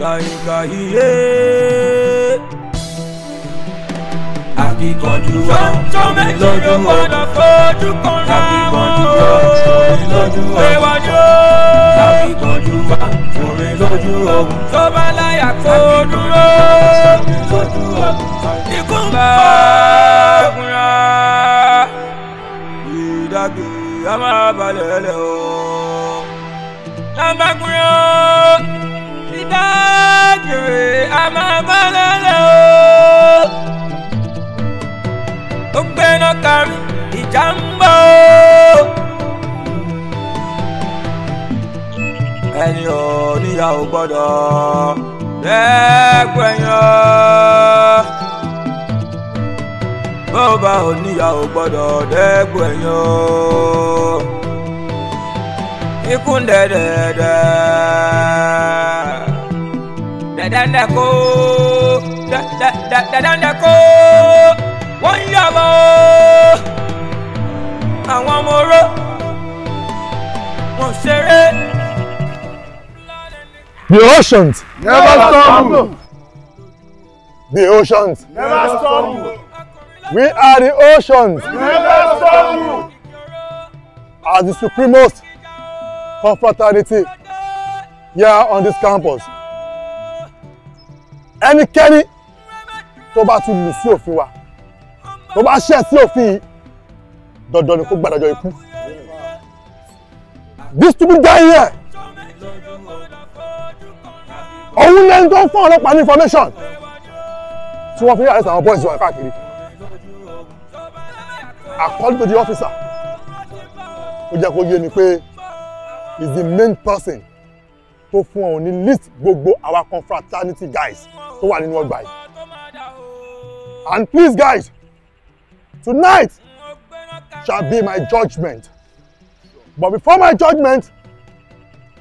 Yàyíká iye. Akíkanjú wa lọ́dún o. Fojú kan ra wọn o. Ṣéwájú o. Akíkanjú wa orin lójú o. Tó bá láyà kó dúró. Ikú ń bá a kúnra. Ìdàgbé a máa balẹ̀ lẹ̀ amagunro ìbá jèrè amabalẹ̀lẹ̀ o. ó gbẹ́nà kárí ìjà ń bọ̀ o. ẹni ò níyàwó gbọ́dọ̀ dẹ́gbẹ̀yàn. bó bá ò níyàwó gbọ́dọ̀ dẹ́gbẹ̀yàn ikú ń dẹ̀dẹ̀dẹ̀. Dẹ̀dẹ̀dẹ̀ kó dẹ̀dẹ̀dẹ̀ kó wọ́n àwọn ọmọ oró wọ́n ṣeré. The oceans never stop. The oceans never stop. We are the oceans. Never stumble. As the supremacists of fraternity here on this campus. Ẹnikẹ́ni tó bá tún lù sí òfin wa, tó bá ṣẹ̀ sí òfin yìí, dandan ni kó gbàdájọ́ ikú. This stupid guy here, òun lẹ́ni tó ń fún ọlọ́pàá ní information tí wọ́n fi ń arrest àwọn boys wa káàkiri. According to the officer, ó jẹ́ kó yé mi pé is the main person tó fún ọ̀hún ní list gbogbo our confraternity guys tó wà nínú ọgbà yìí and please guys tonight shall be my judgement but before my judgement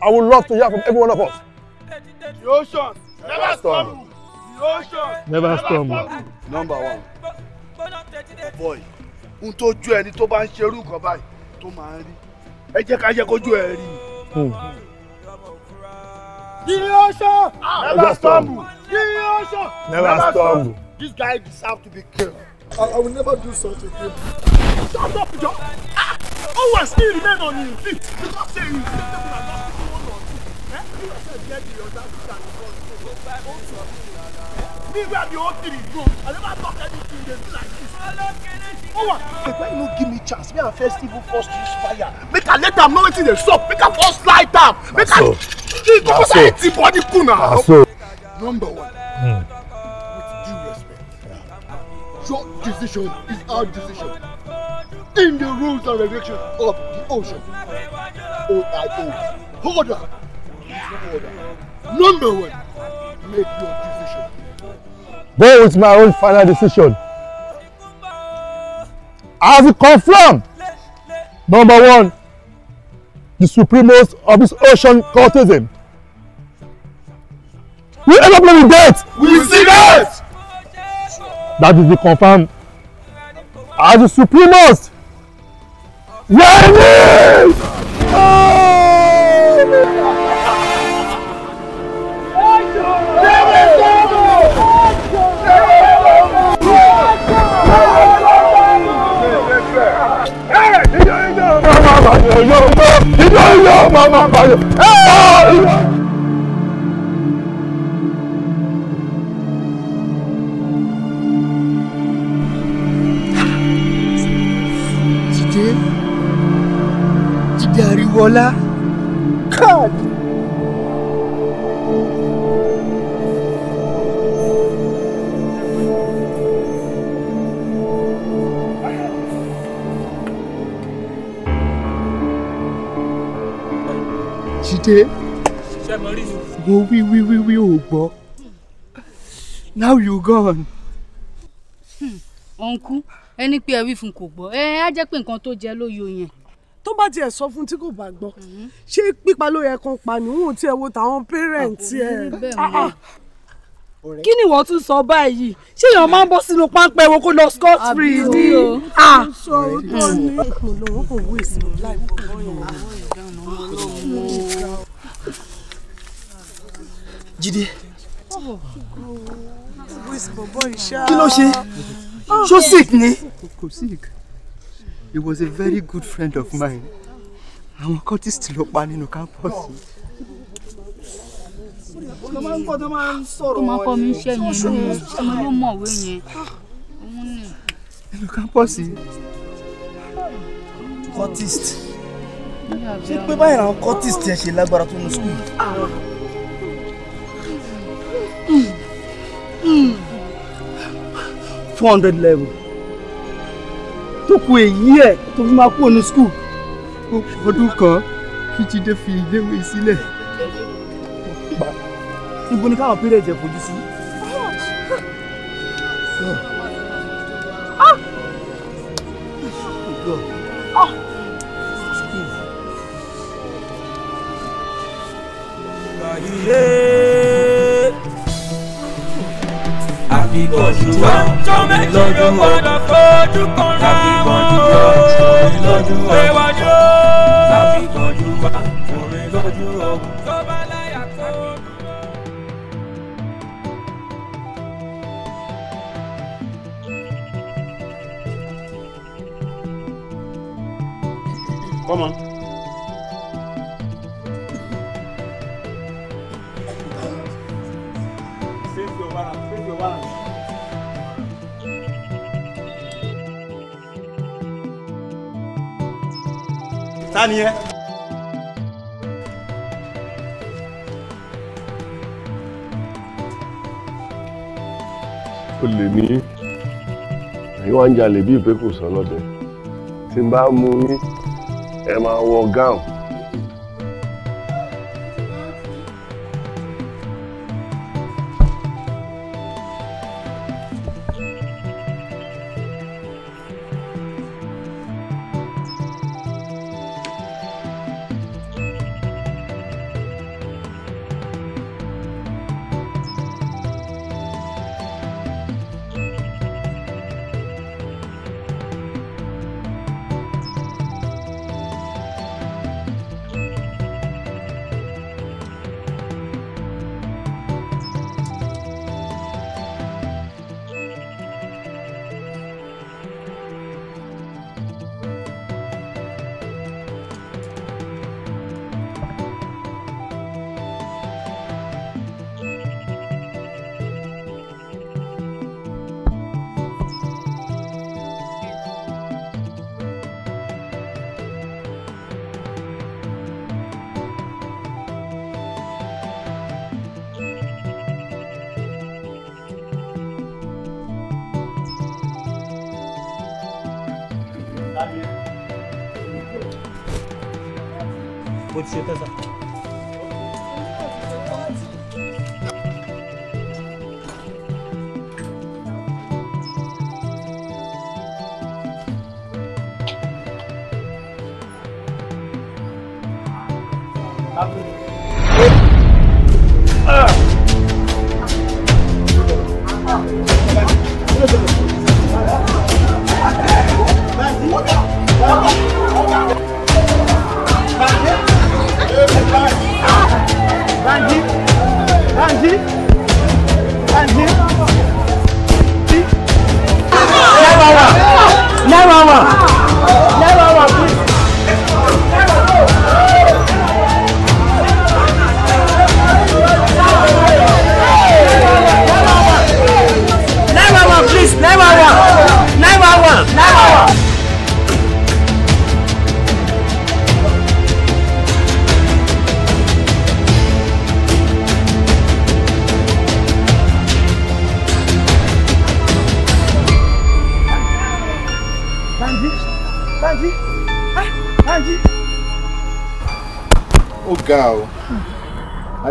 I would love to hear from every one of us. The ocean never storm. The ocean never storm. Number one. Boy, n tó ju ẹni tó bá ń ṣerú nǹkan báyìí tó máa ń rí ẹ jẹ́ ká jẹ́ kójú ẹ rí. Yíyọ hmm. ṣọ́! Ah, never stumble! Yíyọ ṣọ́! Never stumble! This guy deserve to be killed. I, I will never do such a thing. Shut up, John! Ah! Oh, I still remain on his feet because say you think that we are not people one Eh? You are get the other people and the God anywhere the whole thing is good. I never talk anything they do like this. Oh, what? Why you not give me chance? Me and festival evil first use fire. Make a let am know wetin dey sup. Make a first light up. Make a. The Number one. Hmm. With due respect. Yeah. Your decision is our decision. In the rules and regulations of the ocean. OIO. Order. Order. Number one. Make your decision go with my own final decision. I have confirmed number one the supremos of this ocean cultism. We end up with death. We see that. That is the confirm. As the supremos, we ọmọ ọmọ àbáyọ. jíde jíde àríwọlá káàdì. ṣe. ṣe mo rí mi. mo wí wí wí wí ò gbọ́ now you gone. ọ̀nkú ẹni pé ẹ wí fún kò gbọ́ ẹ á jẹ́ pé nǹkan tó jẹ ló yọ yẹn. tó bá tiẹ̀ sọ fún tí kò bá gbọ́ ṣé pípa ló yẹ kan pa níwọ̀n tí ẹ wo tàwọn pẹ́rẹ́ǹtì ah, ah. ẹ kí ni wọ́n tún sọ báyìí ṣé èèyàn máa ń bọ́ sínú páńpẹ́ ewo kó lọ scot free ni. sọ̀rọ̀ tó ní. Jídé. Kí ló ṣe? Ṣó sick ni? Kò sick. He was a very good friend of mine. Àwọn cultist ló pa nínú campus. Ló máa ń gbọ́ tó máa ń sọ̀rọ̀ wọn. Ó máa kọ́ mi iṣẹ́ yẹn ní ọmọ ló mọ̀wé yẹn. Ah. Òun Nínú campus. Cultist. Ṣé pé báyìí àwọn cultist yẹn ṣe lágbára tó nu school? Ah. four hundred level tó go èyí ẹ̀ tó fi máa kúrò ní school. ọdún kan kí Jídé fi iléèwé sílẹ̀. ibo ni káwọn pérèjì ẹ̀ fojú sí. Yeah. Ah! tàbí gbọ̀dúrà lọ́dún ọ̀dọ̀ fojú kan ra wọn o lọ́dún ọ̀dọ̀ tàbí gbọ̀dúrà orin lọ́dún ọ̀dọ̀. Come on. ta ni ẹ. o lè ní èyí wá ń jalè bí ìpẹ́kùsọ lọ́dẹ tí n bá mú yín ẹ máa wọ gáùn.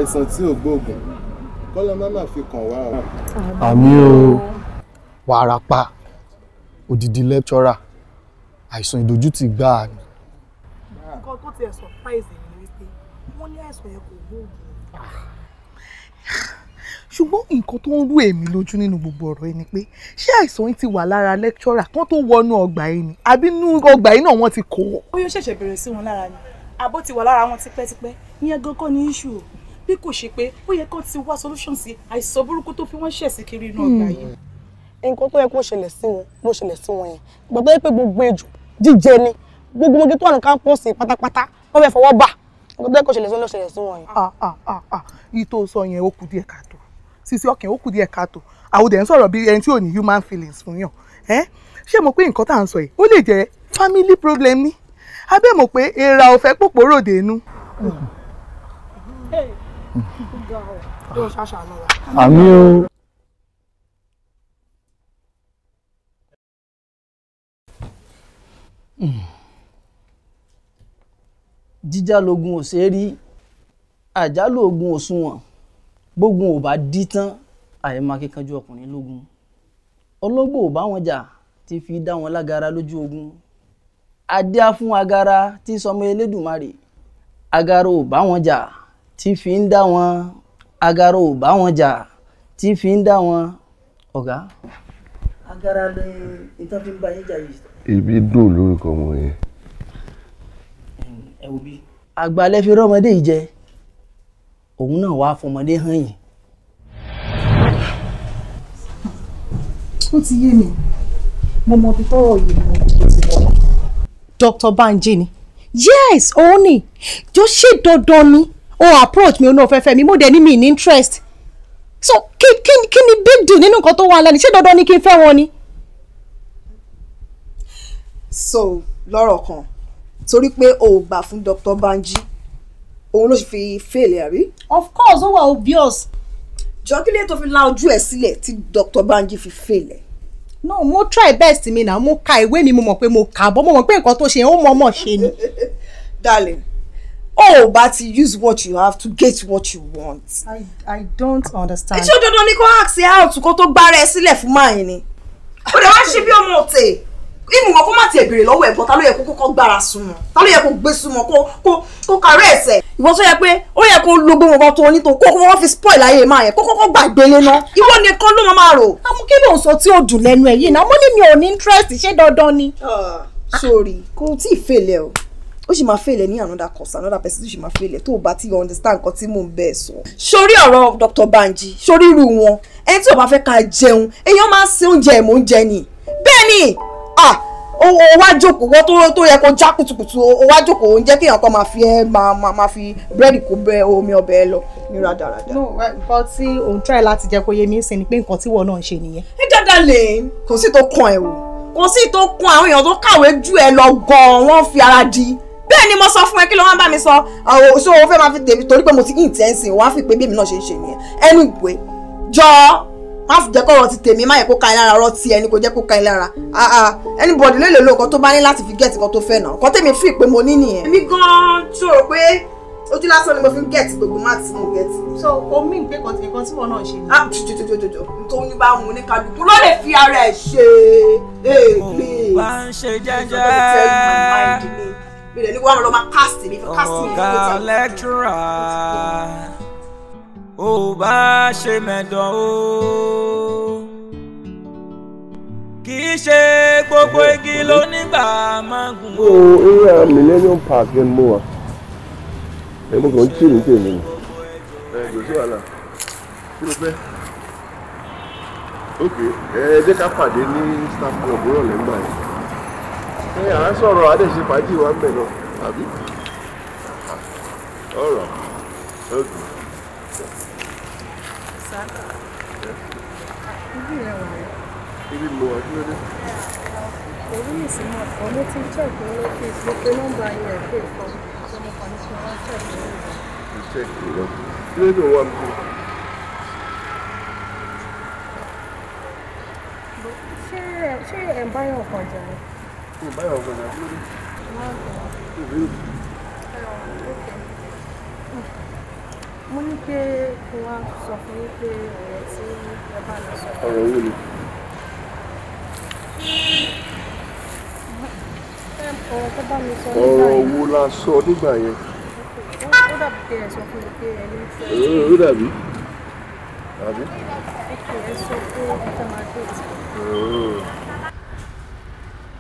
àìsàn tí ò gbóògùn kọ́lá má má fi kàn wá o. àmì o wàràpá òdìdí lẹ́kṣọ́rà àìsàn ìdójútì gbáà ni. nǹkan tó tiẹ̀ surprise mi ni wípé wọ́n ní àìsàn yẹn kò gbóògùn. ṣùgbọ́n nǹkan tó ń rú èmi lójú nínú gbogbo ọ̀rọ̀ yìí ni pé ṣé àìsàn yìí ti wà lára lẹ́kṣọ́rà kan tó wọnú ọgbà yìí ni àbí inú ọgbà yìí náà wọ́n ti kó. ó yóò ṣẹ̀ṣẹ̀ bẹ̀rẹ̀ sí wọn lára ni àbó ti wà lára wọn tipẹ́tipẹ́ ní ẹgbẹ́ kọ́ ní iṣu bí kò ṣe pé ó yẹ kán ti wá solution sí àìsàn burúkú tó fi wọ́n ṣẹ̀ sí kiri inú ọgbà yìí. Hmm. nǹkan tó yẹ kó ṣẹlẹ̀ sí wọn ló ṣẹlẹ̀ sí wọn yẹn gbàgbọ́ yẹ pé gbogbo ejò jíjẹ ni gbogbo oge tó wà ní kámpọ́ọ̀sì pátápátá wọ́n fẹ́ fọwọ́ bà nǹkan yẹ kó ṣẹlẹ̀ sí wọn ló ṣẹlẹ̀ sí wọn yẹn. ìtò ah, ah, ah, sọ yẹn ó kù díẹ̀ káàtó sisi ọkàn ó kù díẹ̀ káàtó àwòdẹ̀ ń sọ̀rọ̀ bí ẹni tí ò ní human feelings fún yàn ṣé mo pé nǹkan tá à ń sọ yìí ó lè jẹ́ family problem ni abẹ́ mo pé èèrà ò fẹ́ pòpò ròde inú. Hmm àmì o. jíjà lógun ò ṣeé rí àjálù ogun ò sunwọ̀n bógun ò bá dí tán àyèmá kíkanjú ọkùnrin lógun ológbò ò bá wọn jà ti fi dá wọn lágara lójú ogun adé á agara tí sọmọ elédùnmarè agara ò bá wọn jà. Ja tí fi ń dá wọn agara ò bá wọn jà tí fi ń dá wọn ọ̀gá. agara ni nǹkan fi ń bá yín jà yìí. ibi dùn lórúkọ ọmọ yẹn. ẹ wo bí. àgbàlẹ́ fi rọ́mọdé yìí jẹ òun náà wàá fọmọdé hàn yìí. ó ti yé mi mo mọ ibi tọ́rọ̀ yìí mo ti wọ̀ Dr. Banji ni yes òun ni jọ ṣe dandan ni o oh, approach mi o oh, náà fẹ́fẹ́ mi mo dẹ̀ ní mi ní interest so kí kí kí ni big deal nínú nǹkan tó wà lẹ́nu ṣé dandan ni kí n fẹ́ wọn ni. so lọ́rọ̀ kan torí pé o ò gbà fún Dr. Banji òun ló fi fail àbí. of course ó wà obvious. jọ́kílẹ̀ tó fi la ojú ẹ̀ sílẹ̀ tí Dr. Banji fi fail ẹ̀. no mo try best mi na mo ka ìwé mi mo mọ̀ pé mo kà bọ́ mo mọ̀ pé nǹkan tó ṣe ó mọ̀ mọ̀ ṣe ni. darling oh but use what you have to get what you want. i i don't understand. ṣé dandan ni kò ask ẹ out kó tó gbára ẹ sílẹ̀ fún máa yín ni. ó lè wá ṣe bí ọmọ ọ̀tẹ̀ ìmùwọ̀n kó má tiẹ̀ béèrè lọ́wọ́ ẹ̀gbọ́n ta ló yẹ kó kọ́kọ́ gbára súnmọ́ ta ló yẹ kó gbé súnmọ́ kó kó kó kàrẹ́ ẹ̀sẹ̀. ìwọ tó yẹ pé ó yẹ kó lo gbogbo nǹkan tó o ní tó kó wọ́n fi spoil ayé máa yẹ kó kọ́kọ́ gbàgbélé náà ìwọ nìkan ló máa rò. àmọ́ kí ló ń sọ tí ó dùn lẹ́nu ẹ̀ yìí náà mo ní mi ò ní interest ṣé dandan ni. Ah, sorry kò tí ì fèlè o ó sì máa fail ẹ ní another course another person tó sì máa fail ẹ tó o bá ti understand nǹkan tí mò ń bẹ́ẹ̀ sọ. sórí ọ̀rọ̀ Dr. Banji sórí irú wọn ẹni tí o bá fẹ́ ká jẹun èèyàn máa ń se oúnjẹ ẹ̀ mò ń jẹ ni bẹ́ẹ̀ ni ah o wá jókòó wọ́n tó yẹ kó já kùtùkùtù o wá jókòó oúnjẹ kéèyàn kan máa fi ẹ máa máa fi búrẹ́dì kó bẹ omi ọbẹ̀ ẹ lọ ní rádaràda. no nǹkan tí òun try láti jẹ́ kó yé mi ń sìn ni pé nǹkan tí wọ́n náà ń ṣe nìyẹn. ẹ dáadáa lè kò sí tó kàn ẹ̀ wò kò sí tó kàn àwọn èèyàn tó kàwé jù ẹ lọ gan-an wọ́n fi ara di bẹ́ẹ̀ ni mo sọ fún ẹ kí ló wọ́n bá mi sọ ṣé o fẹ́ máa fi tèmi torí pé mo ti ń tẹ́ ń sìn wá fi pé bí èmi náà ṣe ń ṣe nìyẹn ẹnu ìwé jọ má fi jẹ́ kó ọ̀rọ̀ ti tèmi má yẹ kó ka ẹ lára ọ̀rọ̀ ti ẹni kò jẹ́ kó ka ẹ lára ah, ah, anybody lè lè lo nǹkan tó bá ní láti fi gẹ̀ẹ́tì kan tó fẹ́ nà nǹkan tèmi fi pé mo ní nìyẹn. èmi gan-an ṣòro pé ojú lásán ni mo fi ń gẹ̀ẹ́tì gbogbo má ti mú gẹ̀ẹ́tì. so omi ìgbé kan tìǹkan tí wọn náà ṣe ni. ah jòjò jòjò jòjò tó ní bá wọn ní kálukú ló lè fi ara ẹ̀ ṣe é. òun bá ń ṣe jẹ́jẹ́ mi lè ní wọ́n lọ máa cast mi fẹ́ cast mi. ọ̀gá lẹ́kítírà ò bá ṣe mẹ́dàn o kì ṣe gbogbo igi ló nígbà máa gùn. o eré millennium park ni mo wà èmi kò ń tì ní tèmi ni. ẹ kò sí wàhálà kí ló fẹ́ ok ẹ jẹ́ ká pàdé ní staff club rọ̀lẹ́ ńgbà yẹn ẹ à ń sọ̀rọ̀ àdéṣe fàájì wa ń bẹ̀ lọ àbí ọ̀rọ̀ ọ̀dùn. ibi mo wà dúró dé. orí ìsinmi ọ̀kan ló ti ń ṣẹ̀kọ́ lọ́fíìsì ló pe nọ́mbà yẹn ẹ̀ pé kan tó mo kàn ní kí wọ́n ṣẹ̀kọ́ lọ́wọ́. ṣẹ́ẹ̀kì lọ kí ló dùn wá mi kú. ṣé ẹ̀ ń báyọ̀ kan jẹun? kò ọ̀rọ̀ la sọ nígbà yẹn. ó dàbí pé ẹ sọ fún mi pé ẹ ní fẹ́. ó dàbí. Abi. Peki, en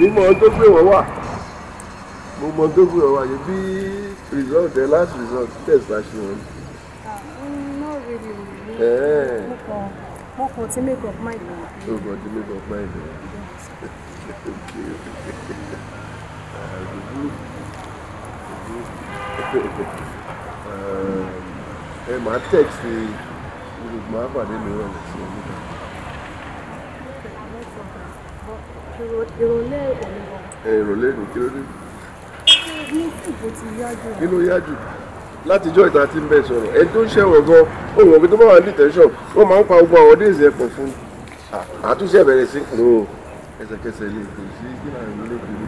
mímọ̀ tó gbé wọ́n wà mo mọ̀ tó gbé wọ́n wà yìí bí result ẹ last result test ṣe wọn. mo kàn ti make up mind. mo kàn ti make up mind. ẹ máa text eh, gbogbo àpàdé mi rẹ̀ ìrọ̀lẹ́ òní lọ. ìrọ̀lẹ́ òní kí ló dé. ní ìbò ti yá jù. kí ló yá jù látijọ́ ìta tí ń bẹ̀ sọ̀rọ̀ ẹni tó ń ṣẹ̀wọ̀n gan òun ọ̀gbìn tó bá wà ní tẹ̀sán wọ́n máa ń pa gbogbo àwọn déèzì ẹ̀pọ̀ fún un àtúnṣe bẹ̀rẹ̀ sí kúrò ẹsẹ̀kẹsẹ̀ lè kò sí kí náà ló lè kúrò.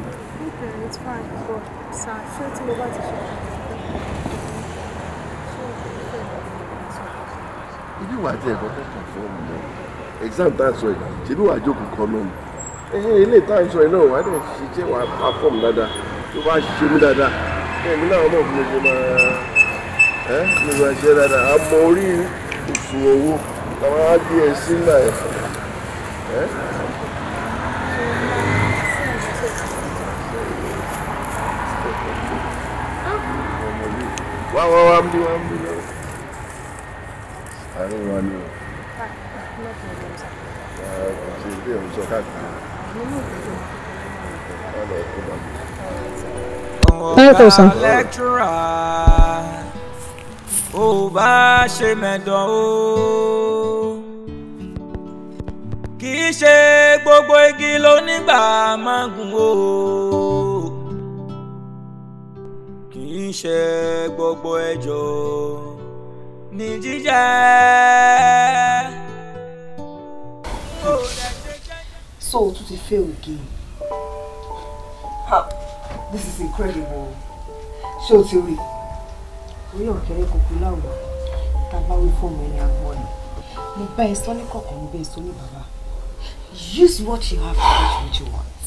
ibi wà á ti ẹ̀kọ́ tó kàn fún ọmọ exam tá a sọ yìí ṣe bí wà á jókòó kọ́ náà ilé ìta ìsọ iná wà dẹ̀ ṣiṣẹ́ wà pàfọ́ọ̀mù dáadáa tó bá ṣe mú dáadáa ẹ̀mí náà ọmọ òfin ṣe máa ẹ́ mi máa ṣe dáadáa àmọ́ orí oṣù owó làwọn á gbé ẹ sí ńlá ẹ̀ ẹ́. wá wá wá ń bí wá ń bí lọ. àárín wa ni o. ṣe bí òun káàkiri. Ẹ̀kọ́ sàn. Ó bá ṣe mẹ́dọ̀ o. Kì í ṣe gbogbo igi ló nígbà máa gùn o. Kì í ṣe gbogbo ẹjọ́ ní jíjẹ́. So, to the fail again. Ha! This is incredible. Show to me. We are carrying Kokulawa. Taba we form any one. Mo bá ẹ sọ on kọ̀kọ̀, mo bá ẹ sọ ní Use what you have to get what you want.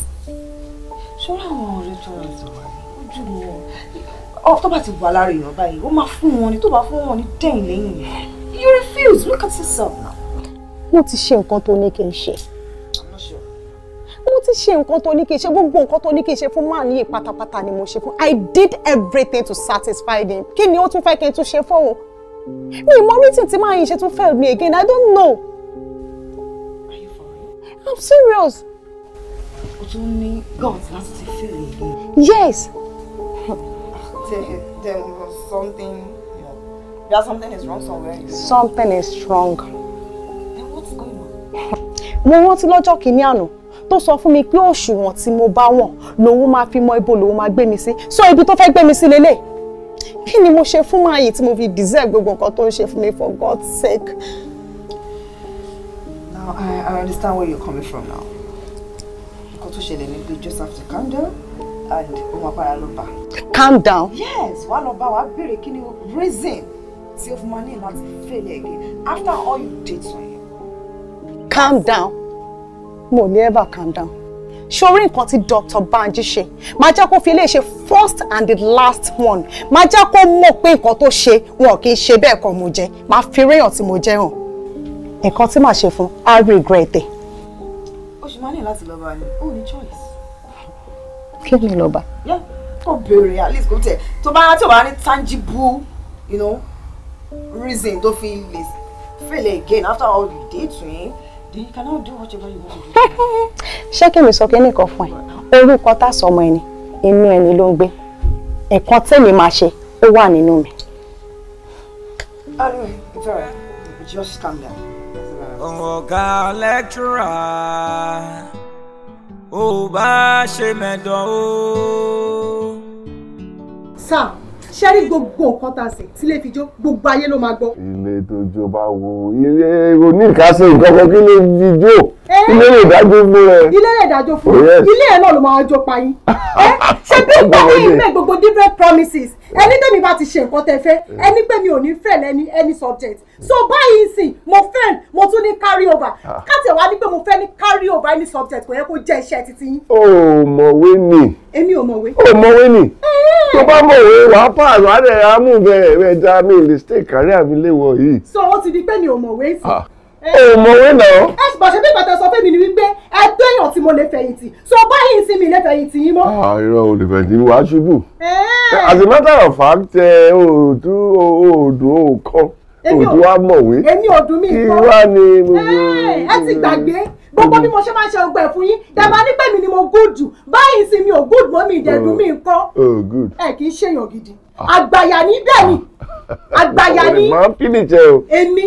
Show àwọn ọ̀rẹ́ tọrọ ìtọ́wá yìí, ojú mi wọ̀. Ọ tó bá ti wà lára èèyàn báyìí, ó máa fún money, ni tó bá fún wọn You refuse, look at yourself now. What is she nǹkan tó ní kí n ti ṣe nǹkan tó ní kí n ṣe gbogbo nǹkan tó ní kí n ṣe fún máa níyì pátápátá ni mo ṣe fún I did everything to satisfy them kí ni ó tún fẹ́ kí n tún ṣe fún òun mi ìmọ̀ reason tí máa yin ṣe tún fail me again I don't know I'm serious. o tún ní god láti ti fail again. yes. there, something you something is wrong somewhere. something is wrong. then what's going on. mo rántí lọ́jọ́ kìíní àná tó sọ fún mi pé òṣùwọ̀n tí mo bá wọ̀n lòun máa fi mọ ibo lòun máa gbé mi sí so ibi tó fẹ́ gbé mi sí lélẹ̀ kí ni mo ṣe fún máa tí mo fi deserve gbogbo nǹkan tó ń ṣe fún mi for God's sake. Now I, I understand where you're coming from now nǹkan tó ṣẹlẹ̀ ni just have to calm down and ó máa bá. calm down. yes wàá lọ bá wàá béèrè kí ni reason tí o fún ma ní láti fail again after all you did to him. calm down mo lè ever calm down sórí nǹkan tí Dr. Banji ṣe máa jẹ́ kó fi ilé ṣe first and the last one máa jẹ́ kó mọ̀ pé nǹkan tó ṣe wọn kì í ṣe bẹ́ẹ̀ kan mo jẹ́ máa fi réyàn tí mo jẹ́ hàn nǹkan tí màá ṣe fún á regret it. o ṣì máa ní láti lọ bá ní o ní choice. kí ni lọ bá. kò béèrè at least kò tẹ tó bá tó bá ní tangible you know, reason tó fi lè fail again after all you did to him. Then you cannot do whatever you want to do. Ṣé kí mi sọ kí nìkan fún ẹ? Orúkọ tá sọmọ ẹni, inú ẹni ló ń gbé. Ẹ̀kan tẹ́mi máa ṣe, ó wà nínú mi. Anyway, it's Just calm down. Ọ̀gá lẹ́kítúrà ò bá ṣe mẹ́dọ̀ Sir ṣé rí gbogbo nǹkan tá a sè tílé fi jó gbogbo ayé ló máa gbọ́. ilé tó bá wo ilé oníkàsẹ̀ nǹkan kí ló fi jó eh? ilé lè dájú fún rẹ. ilé lè dájú fún rẹ oh, ilé ẹ̀ náà ló máa jó pa yín. Eh? ṣé bí gbogbo ìgbẹ́ gbogbo different promises ẹni tẹ́mi bá ti ṣe nǹkan tẹ fẹ́ mm. ẹni pé mi ò ní fẹ́ lẹ́ni any subject so báyìí sì mo fẹ́ mo tún ní carry over ah. káàtì wá ní pé mo fẹ́ ní carry over any subject kò yẹ kó jẹ́ iṣẹ́ títí yín. o mọ̀wé ni. èmi ò mọ̀wé. o mọ̀wé ni. Eh. tó bá mọ̀wé wàá pass wàá dẹ̀ amú bẹ́ẹ̀ bẹ́ẹ̀ dá mi lè stay kárí àbí léwọ̀ yìí. so ó ti di pé mi ò mọ̀wé sí ẹ ò mọ̀wé náà. ẹ ṣùgbọ́n ṣe bí ìgbà tó sọ fún mi ni wípé ẹ tó èèyàn tí mo lè fẹ̀yìntì so báyìí sí mi lè fẹ̀yìntì yín mọ́. Ah, irọ́ olùfẹ̀yìntì wà á ṣubú. as a matter of fact òòdù òòdù òòkan òòdù wa mọ̀wé. èmi òòdù mi kọ́ kí wá ni. ẹ ti gbàgbé gbogbo bí mo ṣe máa ń ṣe ọgbà ẹ̀fún yín dàbá nígbà mi ni mo gúdù báyìí sí mi ò gúdù mọ́ mi ìdẹ̀dùn mi oh, nǹkan oh, ẹ kì í ṣèyàn gidi ah. àgbàyà ní bẹ́ẹ̀ ni àgbàyà ní èmi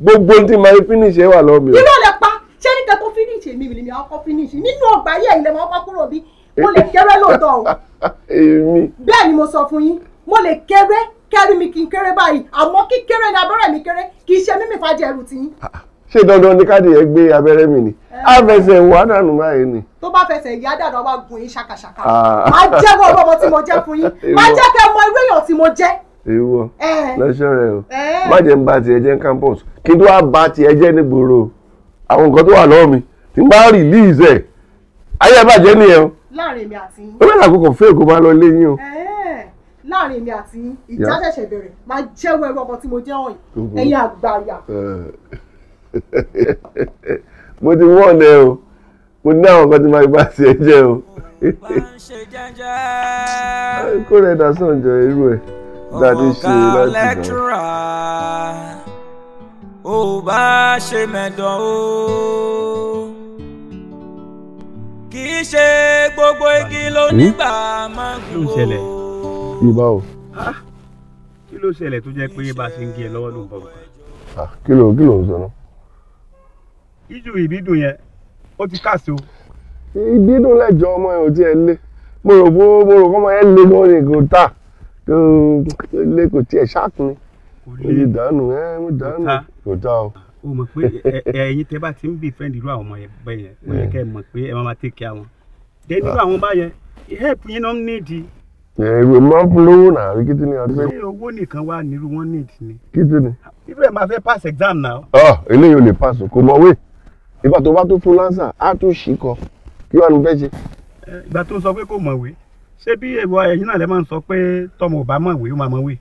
gbogbo tí mo fi finish ẹ wà lọ́wọ́ mi. irọ́ lẹ pa ṣé ní kẹ́kọ̀ọ́ finish mi mi ni ọkọ̀ finish nínú ọgbà yẹ̀ ilẹ̀ mọ́ ọkọ̀ kúrò bí mo lè kéré lóòótọ́ o. èmi. bẹ́ẹ̀ ni mo sọ fún yín mo lè kéré kẹ́rí mi kí n kéré báyìí àmọ́ kí kéré ni abẹ́rẹ́ mi kéré kì í ṣe mímì fàájì ẹrù tì yín. ṣé dandan ni káàdì yẹn gbé abẹ́rẹ́ mi ni á fẹsẹ̀ wà dànù báyìí ni. tó bá fẹsẹ̀ yá dànù ọba gùn yín ṣàkàṣàkà ah. máa jẹ́wọ́ ọlọ́mọ tí mo jẹ́ fún yín máa jẹ́ kẹ́ mọ irú èèyàn tí mo jẹ́ ìwọ lọ́sọ̀ rẹ o má jẹ́ ń ba tiẹ̀ jẹ́ campus kí n tó wá ba tiẹ̀ jẹ́ nígboro àwọn nǹkan tó wà lọ́wọ́ mi tí n bá release ẹ̀ ayé àbàjẹ́ nìyẹn o. láàrin mi àti. ó bẹ̀rẹ̀ àkókò fún èkó máa lọ léyìn o. láàrin mi àti ìjà ṣẹ̀ṣẹ̀ bẹ̀rẹ̀ máa jẹ́wọ́ ẹrú ọmọ tí mo jẹ́ ọ̀yìn ẹ̀yìn àgbàyà. mo ti wọ́n ẹ o mo ní àwọn nǹkan tí máa gbà tiẹ̀ jẹ́ o. kó rẹ̀ dá sọ̀njọ́ irú ẹ̀ dáadé ṣe láti dán. ó bá ṣe mẹ́dán o kì í ṣe gbogbo igi ló nígbà máa ń gbó. ibà o. kí ló ṣẹlẹ̀ tó jẹ́ pé bá a ṣe ń gé ẹ lọ́wọ́ ló ń bọ̀ wọ́n. kí ló kí ló ń sọ náà. ijù ìbídùn yẹn ó ti kàṣó. ìbídùn lẹ́jọ́ ọmọ ẹ̀ ò tiẹ̀ lé mo rò pé mo rò pé ọmọ ẹ̀ lé lórí ìgò ta tó lé kò tiẹ̀ ṣáàkùn ni kò lè dànù ẹ mo dànù kò tá o. o mọ̀ pé ẹ̀yin tẹ́ bá ti ń befriend irú àwọn ọmọ yẹn bẹ́ẹ̀ yẹn ó yẹ kẹ́ ẹ mọ̀ pé ẹ máa máa take care wọn. dé irú ah. àwọn báyẹn help yín náà need. èrò máa ń fún lówó náà àbí kí tí ni ọdún. ṣé owó nìkan wà nírú wọn need ni. kí tí ni. ibẹ̀ máa fẹ́ pass exam náà. ọ ah, eléyìí ò lè pass kò mọ̀ wé ìgbà tó bá tó fún lánsà á tún ṣì kọ kí wàá nu fẹ́ ṣe. ìgbà tó sọ pé kò mọ̀ wé ṣé bí ìwọ ẹ̀yin náà lè máa ń sọ pé tọmọ ò bá mọ̀ wí ó máa mọ wí.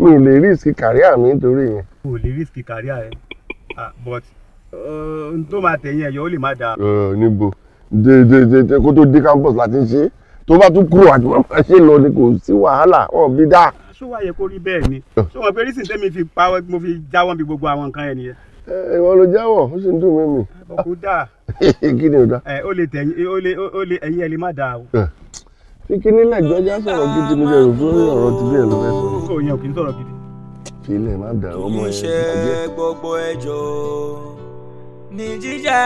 mi ò lè risk kàríà mi nítorí yẹn. mi ò lè risk kàríà rẹ but uh, n tó máa tẹ̀yìn ẹ̀yọ́ ó lè má dáa. níbo dédédé kó tó dé campus láti ṣe tó bá tún kúrò àti wọn máa ṣe lọ ni kò sí wàhálà ọ̀bí dá. ṣó wáyé kó rí bẹ́ẹ̀ ni ṣó wọn pé rísìn tẹ́mi fi pa mo fi jáwọ́ bí gbogbo àwọn nǹkan yẹn nìyẹn ìwọ ló jáwọ ó sì ń dùn mí mi. kò dáa. kí ni o da. ó lè tẹ̀yìn ó lè ẹ̀yìn ẹ̀ lè má dáa o fi kíní lẹ́jọ́ já sọ̀rọ̀ gidi mo jẹ́ òfin orí ọ̀rọ̀ ti bí ẹ̀ ló fẹ́ sọ. kókó yẹn ò kì í sọ̀rọ̀ gidi. fi ilẹ̀ má dà ọmọ yẹn. iṣẹ́ gbogbo ẹjọ́ ní jíjẹ́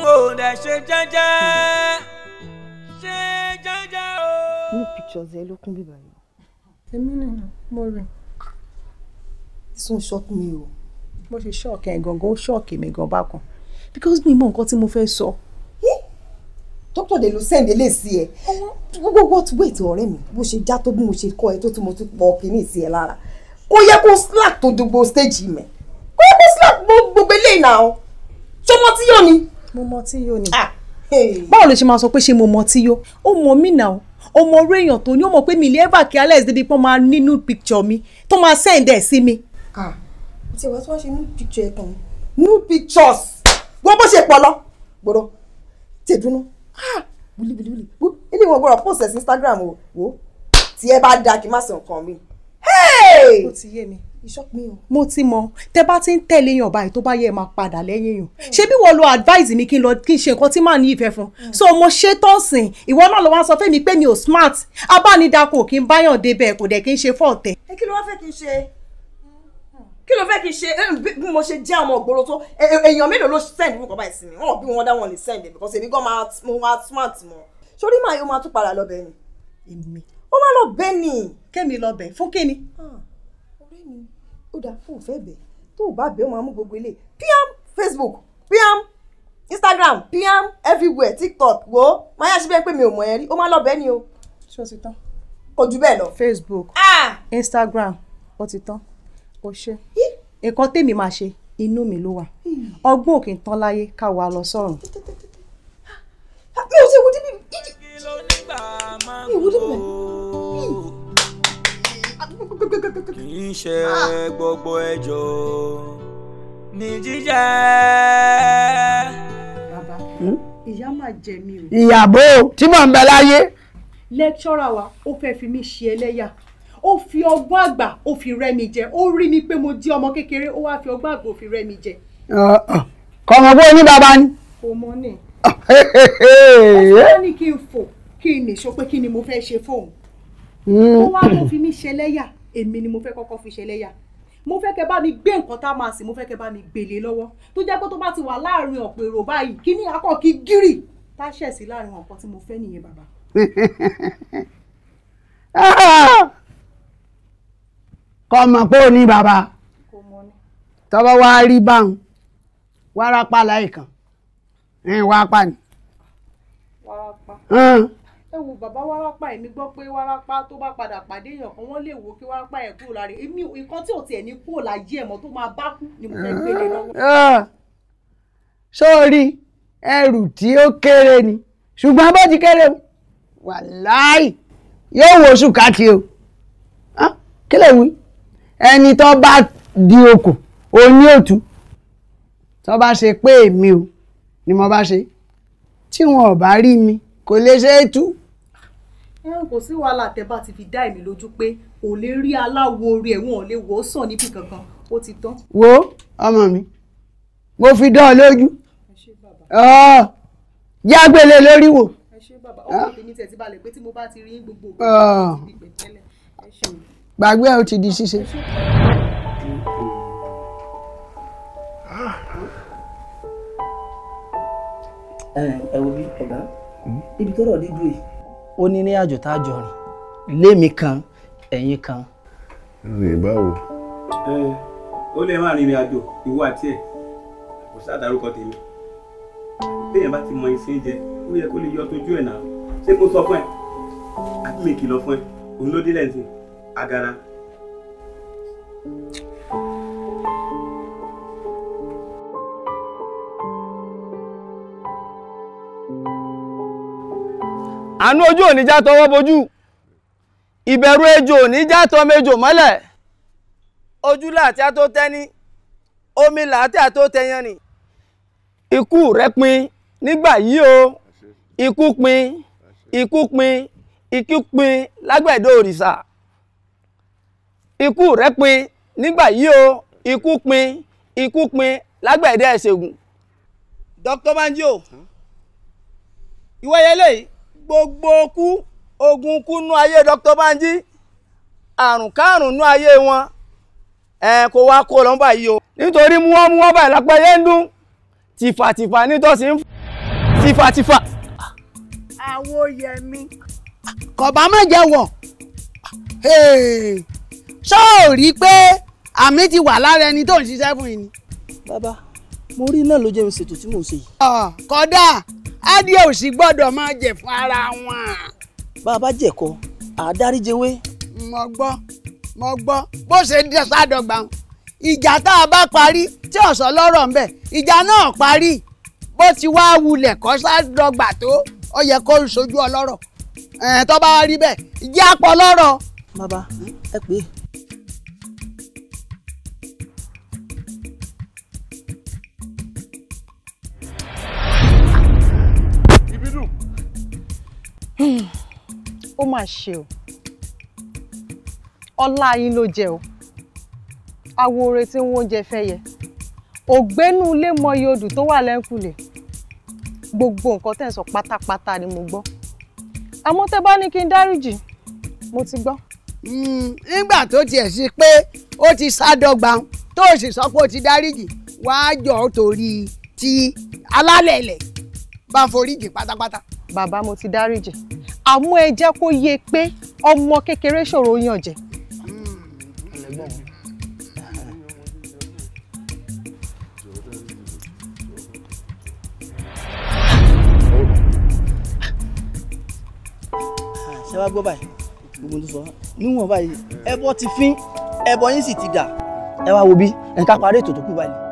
n ò dẹ̀ ṣe jẹ́jẹ́ ṣe jẹ́jẹ́ o. ní pictures ẹ ló kún bíbá yìí. èmi nìyẹn mo rìn. sísun ṣọ́ọ̀kì mi o. mo ṣe ṣọ́ọ̀kì ẹ̀ gangan ó ṣọ́ọ̀kì mi gan bákan because mi mọ nǹkan tí mo fẹ́ sọ. So dókítà dé ló sẹ́ǹdé lè sí ẹ gbogbo what wait ọ̀rẹ́ mi bó ṣe já tó bí mo ṣe kọ́ ẹ tó tí mo tún pọ̀ kínní sí ẹ lára kó yẹ kó slack tó dogbo stage mẹ́ kó yẹ kó slack gbogbo eléyìí náà ṣé mo ti yọ ni. mo mọ tí yóò ni. Ah, báwo ló ṣe máa sọ pé ṣé mo mọ tí yó ó mọ mí náà ọmọ orí èèyàn tó ní ó mọ pé mi ilé ẹ̀bà kí alex débi pọ́n máa ní nude picture mi tó máa send ẹ̀ sí mi. ah ti wá tí wọ́n ṣe nude picture ẹ̀ kàn nude pictures wọ́n bó ṣe pọ̀ lọ gbọ́dọ̀ tẹ̀dúnú wuli wuli wuli ilé ìwọ̀n gbọ́dọ̀ post ẹ̀ sí Instagram o wo tí ẹ bá da kí n má sọ nǹkan mi. ó ti yé mi mo ti mọ tẹ bá ti ń tẹ̀lé èèyàn báyìí tó bá yẹ máa padà lẹ́yìn èèyàn hmm. ṣé bí wọ́n lo advice mi kí n lọ kí n ṣe nǹkan tí màá ní ìfẹ́ fún hmm. so mo ṣe tọ́sìn ìwọ náà ló wá sọ fún mi pé mi ò smart abánidakò kí n báyàn débẹ̀ kò dẹ̀ kí n ṣe fọ́ọ̀tẹ̀. ẹ kí ló wá fẹ́ kí n ṣe kí ló fẹ́ kí n ṣe bí mo ṣe jẹ́ ọmọ ògbóró tó èèyàn mélòó ló send irú kọ́ba ìsinmi wọn bí wọn dá wọn lè send it because èmi gan mo wá smart mọ́ sórí màá yóò máa tún padà lọ bẹ́ẹ̀ ni. èmi. ó máa lọ bẹ́ẹ̀ ni. kẹ́mi lọ bẹ̀ fún kíni. Ah, ọ̀rẹ́ mi ó dáa fún òfẹ́ bẹ̀ tó o bá bẹ̀ ó mú gbogbo ilé pm facebook pm instagram pm everywhere tiktok wo máa yá síbẹ̀ pé mi ò mọ̀ ẹ́ rí ó máa lọ bẹ́ẹ̀ ni o. ṣé o ti tán. kò jù bẹ́ẹ̀ lọ. facebook ah. instagram ó ti tán ó ṣe nǹkan tèmi máa ṣe inú mi ló wà ọgbọ́n òkè tán láyé ká wà lọ sọ́run. mi ò ṣe wo débi mi ò wo débi kì í ṣe gbogbo ẹjọ́ ní jíjẹ. bàbá hmm? ìyá máa jẹ mi o. ìyàbò tí mò ń bẹ láyé. lẹ́kṣọ́rà wa ó fẹ́ fi mí ṣe ẹlẹ́yà ó fi ọgbọ́n àgbà ó fi rẹ́ mi jẹ ó rí mi pé mo jẹ́ ọmọ kékeré ó wá fi ọgbọ́n àgbà ó fi rẹ́ mi jẹ. kọ̀mọ̀ bó ní bàbá ni. kò mọ ní. ó ní kí n fò kí n nìṣó pé kí ni mo fẹ́ ṣe fóun. Hmm. ó wá kó fi mí ṣẹlẹ́yà èmi ni mo fẹ́ kọ́kọ́ fi ṣẹlẹ́yà mo fẹ́ kẹ́ bá mi gbé nǹkan tá a máa sìn mo fẹ́ kẹ́ bá mi gbèlè lọ́wọ́ tó jẹ́ pé tó bá ti wà láàrin ọ̀pọ̀ èrò báyìí kí ní akọ kí gírì tá a ṣẹ̀ sí láàrin ọ̀pọ̀ tí mo fẹ́ nìyẹn bàbá. Ah, ah, ah kọ́ mọ̀ pé ó ní bàbá tọ́wọ́ wá rí báwọn wárápá láìkàn ẹ̀ wárápá ni. wárápá. ẹ wo bàbá wárápá èmi gbọ́ pé wárápá tó bá padà pàdé èèyàn kan wọ́n lè wo kí wárápá yẹn kúrò lára èmi nǹkan tí ò tiẹ̀ ní kúrò láyé ẹ̀mọ́ tó máa bá kú ni mo fẹ́ gbé lé lọ́wọ́. sórí ẹrù tí ó kéré ni ṣùgbọ́n bó ti kéré wàláì yóò wo oṣù káàkiri o kí lè wí ẹni tó bá di okùn òní òtú tó bá ṣe pé èmi o ni mo bá ṣe tí wọn ò bá rí mi kò lè ṣe é tú. ẹ kò sí wàhálà tẹ bá ti fi dá èmi lójú pé kò lè rí aláwo orí ẹ̀ ò lè wò sàn níbi kankan ó ti tán. wo ọmọ mi mo fi dán ọ lójú ọ jágbélé lórí wò. ẹ ṣé bàbá ọkọ tèmi tẹ̀ tí balẹ̀ pé tí mo bá ti rí gbogbo òkú ti di pẹ̀tẹ́lẹ̀. gbàgbé ẹ ó ti di ṣíṣe. ẹ wo bí ọ̀gá ibi tọ́rọ̀ dídú yìí. ó ní ní àjò tá a jọ rìn lémi kan ẹ̀yin kan. rìn báwo. ó lè má rìnrìn àjò ìwọ àti ẹ kò sáà tèmi béèyàn bá ti mọ ìsín jẹ ó yẹ kó lè yọ tójú ẹ̀ náà ṣé mo sọ fún ẹ àbí mi kìlọ̀ fún ẹ òun ló dé lẹ́sìn. agara àánú ojú ò ní já tọwọ́ bojú ìbẹ̀rù ejò ò ní já mejò mọ́lẹ̀ ojú láti àtó tẹ́ni omi láti àtó tẹyan ikú rẹ pin nígbà yìí o ikú pin ikú pin ikú pin lágbẹ̀dẹ òrìṣà ikú rẹ̀ pin nígbà yìí o ikú pin ikú pin lágbẹ̀dẹ ìṣègùn. Dr. Banjo ìwọ yẹlẹ gbogbo kú ogun kú nú ayé Dr. Banji àrùn kárùn nú ayé wọn ẹ kó wá kó lọ́n báyìí o. nítorí mú wọn mú wọn báyìí lápá yẹn ń dún tìfàtìfà nítòsí ń tìfàtìfà. àwo yẹmi. kọ̀bá má jẹ́ wọ̀. Hey ṣó o rí pé àmì ti wà lára ẹni tó ń ṣiṣẹ́ fún yìí ni. bàbá mo rí náà ló jẹ́ mi ṣètò tí mò ń ṣe yìí. kódà adìẹ òsì gbọ́dọ̀ máa jẹ fún ara wọn. bàbá jẹ̀kọ àdáríjẹwé. mo gbọ́ mo gbọ́ bó ṣe dé sádọ́gba ìjà tá a bá parí tí ọ̀sán lọ́rọ̀ ń bẹ̀ ìjà náà parí bó ti wá wulẹ̀ kọ́ sádọ́gba tó ó yẹ kó sojú ọlọ́rọ̀ tó bá rí bẹ́ẹ̀ ìjà pọ̀ lọ́rọ̀. bàbá ẹ pè é ó mà ṣe o ọlá yín ló jẹ o awo ore tí ń wóúnjẹ fẹ́yẹ ògbénú ilé mọyì odù tó wà lẹ́ńkùlé gbogbo nǹkan tẹ̀ ń sọ pátápátá ni mo gbọ́ àmọ́ tẹ́ bá ní kí n dáríjì mo ti gbọ́. Hmm, nígbà tó tiẹ̀ sí pé ó ti sádọ́gba tó sì sọ pé ó ti dáríjì wàá jọ torí ti alálẹ̀lẹ̀ bá ń foríjì pátápátá. bàbá mo ti dáríjì àmọ́ ẹ jẹ́ kó yé pé ọmọ kékeré ṣòro yàn jẹ. ṣé wàá gbọ́ báyìí gbogbo tó sọ níwọ̀n báyìí ẹbọ ti fín ẹbọ yín sì ti dà ẹ wá wo bí ẹ̀ka parí ètò tó kù báyìí.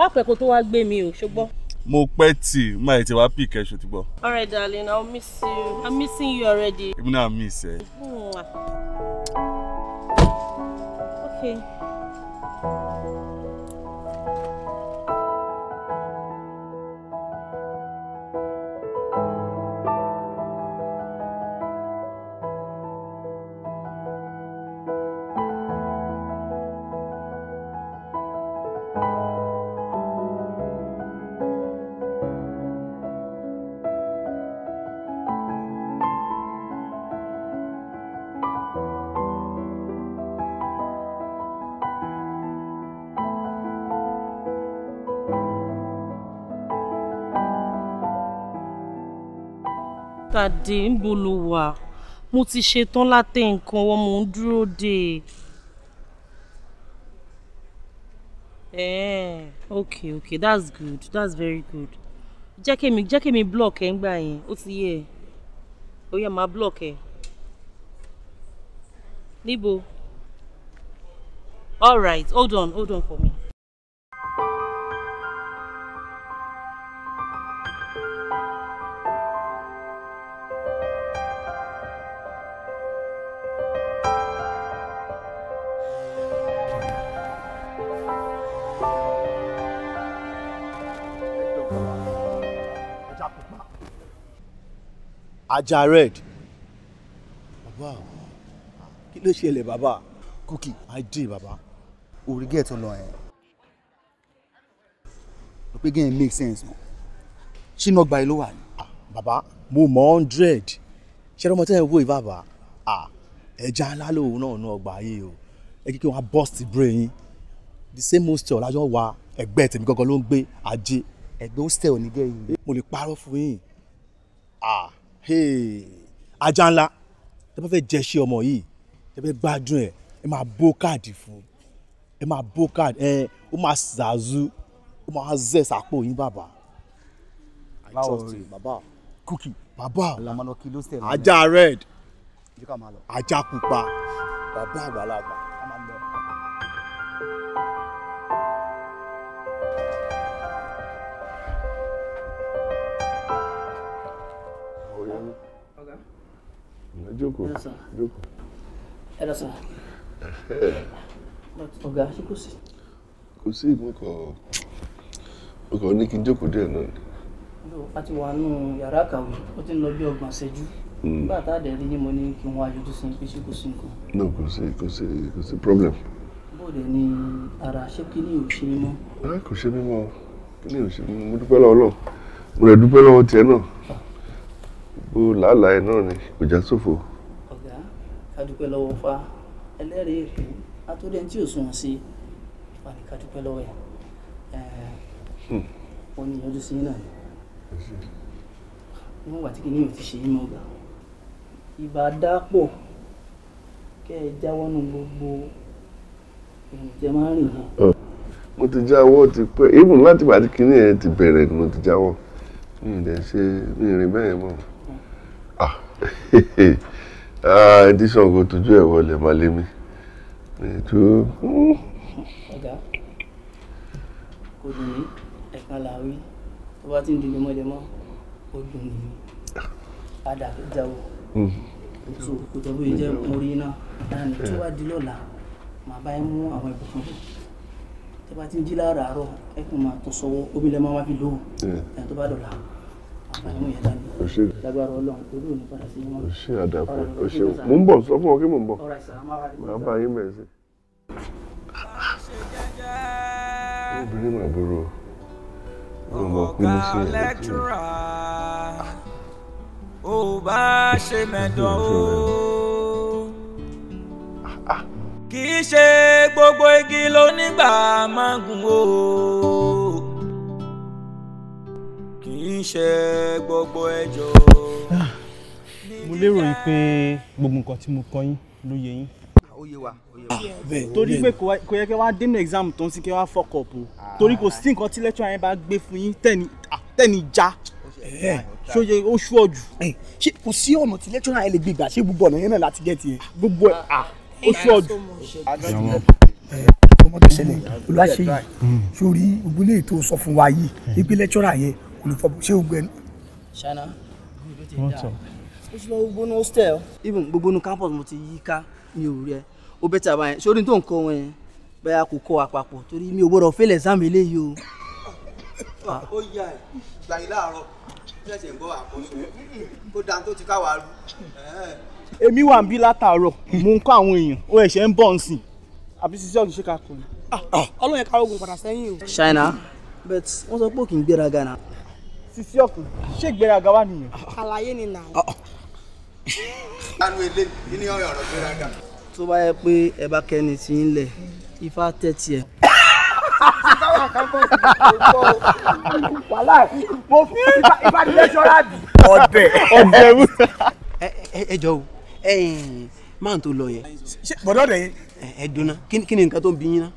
má pẹ́ kó tó wá gbé mi o ṣùgbọ́n. mo pẹ́ tì má ẹ̀ tí wàá pì kẹ́ ṣòtúbọ̀. all right darling i'll miss you i'm missing you already. èmi náà miss ẹ. Hmm, ah. okay. ṣàdé ńbo lo wà mo ti ṣetán látẹ nǹkan wọn mò ń dúró dè é. okay okay that's good that's very good jẹ́ kémi jẹ́ kémi block ẹ̀ ń gbà yẹn ó ti yẹ ó yẹ máa block ẹ̀ níbo alright hold on hold on for me. ajá red. bàbá kí ló ṣẹlẹ̀ bàbá. kókì àìdè bàbá. orí gẹ̀ẹ́tọ̀ lọ ẹ̀ ló pé gẹ̀ẹ́ make sense o ṣínú ọgbà yìí ló wà ní. Ah, bàbá mo mọ hundred ṣé ọmọ tẹ́ ẹ wò yìí bàbá ah, ẹja ńlá lòun náà nú ọgbà yìí o ẹ kí kí wọn bust brain yín the same hostel lájọ wa ẹgbẹ́ tèmi gangan ló ń gbé ajé. ẹgbẹ́ hostel ò ní gẹ̀ẹ́yìn. mo lè parọ́ fún yín. Ah, ajá ńlá tẹ bá fẹ́ jẹ ṣe ọmọ yìí tẹ bá gbádùn ẹ ẹ máa bó káàdì fún ẹ máa bó káàdì ẹ ó máa ṣàzú ó máa zẹ̀ sápò yín bàbá. báwo rí bàbá kúkì bàbá ajá red ajá pupa bàbá àgbàlagbà. jókòó jókòó. ẹ lọ sọ ọgá ṣé kò sí. kò sí mo kọ mo kọ ní kí n jókòó díẹ̀ náà. a ti wà nù yàrá kàwé ó ti ń lọ bí ọgbọ̀n ṣẹ́jú hmm. nígbà tá a dẹ̀ rí yín mo ní kí n wá yọjú sí pé ṣé kò sí nǹkan. no kò sí kò sí kò sí problem. bóde ni ara ṣé kí ni ò ṣe mímọ́. Ah, kò ṣe mímọ́ kí ni ò ṣe mímọ́ mo dúpẹ́ lọ́wọ́ náà mo rẹ̀ dúpẹ́ lọ́wọ́ tiẹ̀ náà. Ah ó làálàá ẹ̀ náà ni kò já sófo. ọ̀gá kádúpẹ́ lọ́wọ́ fa ẹlẹ́rìí èké atúndẹ̀ tí ò sunwọ̀n sí wà ní kádúpẹ́ lọ́wọ́ ẹ̀ wọ́n hmm. ní ìyọjú sí náà wọ́n wà tí kìíní ò ti ṣe yín mọ́ ọ̀gá ìbá dápọ̀ kẹ́ ẹ jáwọ́ nu gbogbo ìrìnjẹ́ máa ń rìn yẹn. mo ti jáwọ́ ti pẹ́ even láti bàtí kìíní yẹn ti bẹ̀rẹ̀ ni mo ti jáwọ́ mi ì dẹ̀ ṣe mi ì rìn bẹ́ẹ̀ mọ́. Ah, ẹdí Ṣàngó tójú ẹ̀ wọlé máa lé mi ètò. ọ̀gá kò dùn mí ẹ̀kan làwí tó bá ti ń dun lemọ́lemọ́ ó dùn mí padà tó jáwọ́ ètò hmm. kò jẹ́ bóyá jẹ́ mo rí iná láàrin tó wá di lọ́la màá bá yẹn mú àwọn ìbùkún tó bá ti ń jí láàárọ̀ ẹ máa tó sọ́wọ́ omi lẹ́mọ́ wá fi lóhùn hmm. ẹ̀ tó bá dọ̀la o ṣe lágbára Ọlọ́run olú ò ní padà sí yín mọ́. o ṣe àdàpọ̀ o ṣe mò ń bọ̀ sọ fún ọ kí mò ń bọ̀ màá bá yín bẹ̀rẹ̀ sí. obìnrin mà burú o mo mọ̀ pé mo ṣe ẹ̀rọ tó o bá ṣe mẹ́dọ̀ o ah, ah. kì í ṣe gbogbo igi ló nígbà máa gùn o ṣe gbogbo ẹjọ́. Ah, mo lérò yìí pé gbogbo nǹkan tí mo kọ́ yín ló ah, yé yín. ó wa ó wa. Ah, torí pé kò yẹ kí wọ́n á dénú exam tó ń sin kí wọ́n á fọkọ̀ o torí kò sí nǹkan tí lecturer yẹn bá gbé fún yín tẹ́ni já ṣoye ó ṣú ọjù. Eh, eh, ṣé kò sí ọ̀nà tí lecturer yẹn lè gbé gbà ṣé gbogbo ọ̀nà yẹn náà láti gẹ̀ tiẹ̀ gbogbo ẹ̀ ó ṣú ọjù ọmọ tó ṣẹlẹ̀ sórí ògbólé sọ fún wa yìí ìpínlẹ̀ mm. lecturer yẹn olùfọ̀bù ṣé o gbẹ. Shana, ó ti lọ gbogbo ní hostel even gbogbo campus mo ti o tori mi o fail exam o. Ah, ó yà ẹ́ gbàyìn láàárọ̀ ṣẹ̀ṣẹ̀ ń ti káwa rú. èmi wà ń bí látàárọ̀ mo ń kọ́ àwọn èèyàn ó ẹ̀ṣẹ̀ ń bọ̀ ń sìn àbí ṣiṣẹ́ ah, ah. ọ̀dùn sisi ọkùn ṣé ìgbéraga wà nìyẹn. àlàyé ni nà. lánàá ilé ní ọ̀rọ̀ gbéraga. tó bá yẹ pé ẹ bá kẹ́ni tí ń lẹ̀ ifá tẹ̀tì ẹ̀. mo fi ìbánilẹ́sọ̀rọ̀ àbí. ọ̀dẹ̀ ọ̀dẹ̀ wù. ẹ ẹ jọ o máa ń tó lọ yẹn. bọ̀dọ̀ dẹ̀ yẹn eduna dunna kí ni nǹkan tó ń bí yín ná.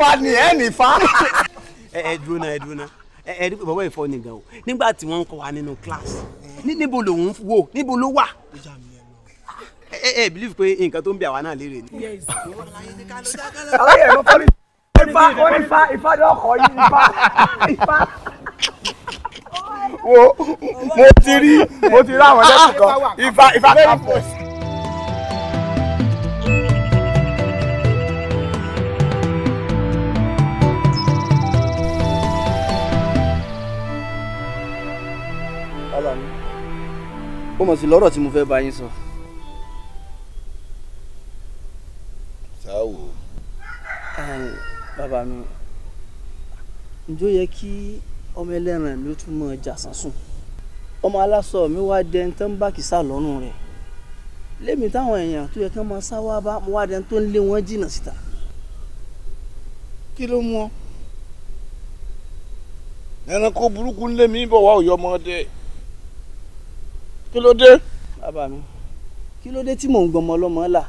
wọ́n ni ẹ eduna eduna ẹ dunna ẹ dunna ẹ rí bàbá ìfọ nìkan o nígbà tí wọ́n ń kọ́ believe pé nka to ń bí na, náà ni. aláyẹ̀ ló fọ́ ní ifá ó ní ifá ifá wo mo ti rí mo ti rí àwọn lẹ́kùn kan ifá ifá kàpọ̀. ó mọ̀ sí lọ́rọ̀ tí mo fẹ́ bá yín sọ. sáwò. bàbá mi ǹjọ́ yẹ kí ọmọ ẹlẹ́ran ló tún mọ jàsán sùn ọmọ aláṣọ mi wá dẹni tó ń bá kìsà lọ́rùn rẹ̀ lémi táwọn èèyàn tó yẹ kí wọ́n máa sá wá bá mo wá dẹni tó ń lé wọn jìnnà síta. kí ló mú ọ ẹranko burúkú ń lé mi bọ̀ wá òyọ́ ọmọdé kí ló dé. bàbá mi kí ló dé tí mò ń gbọmọ lọmọ là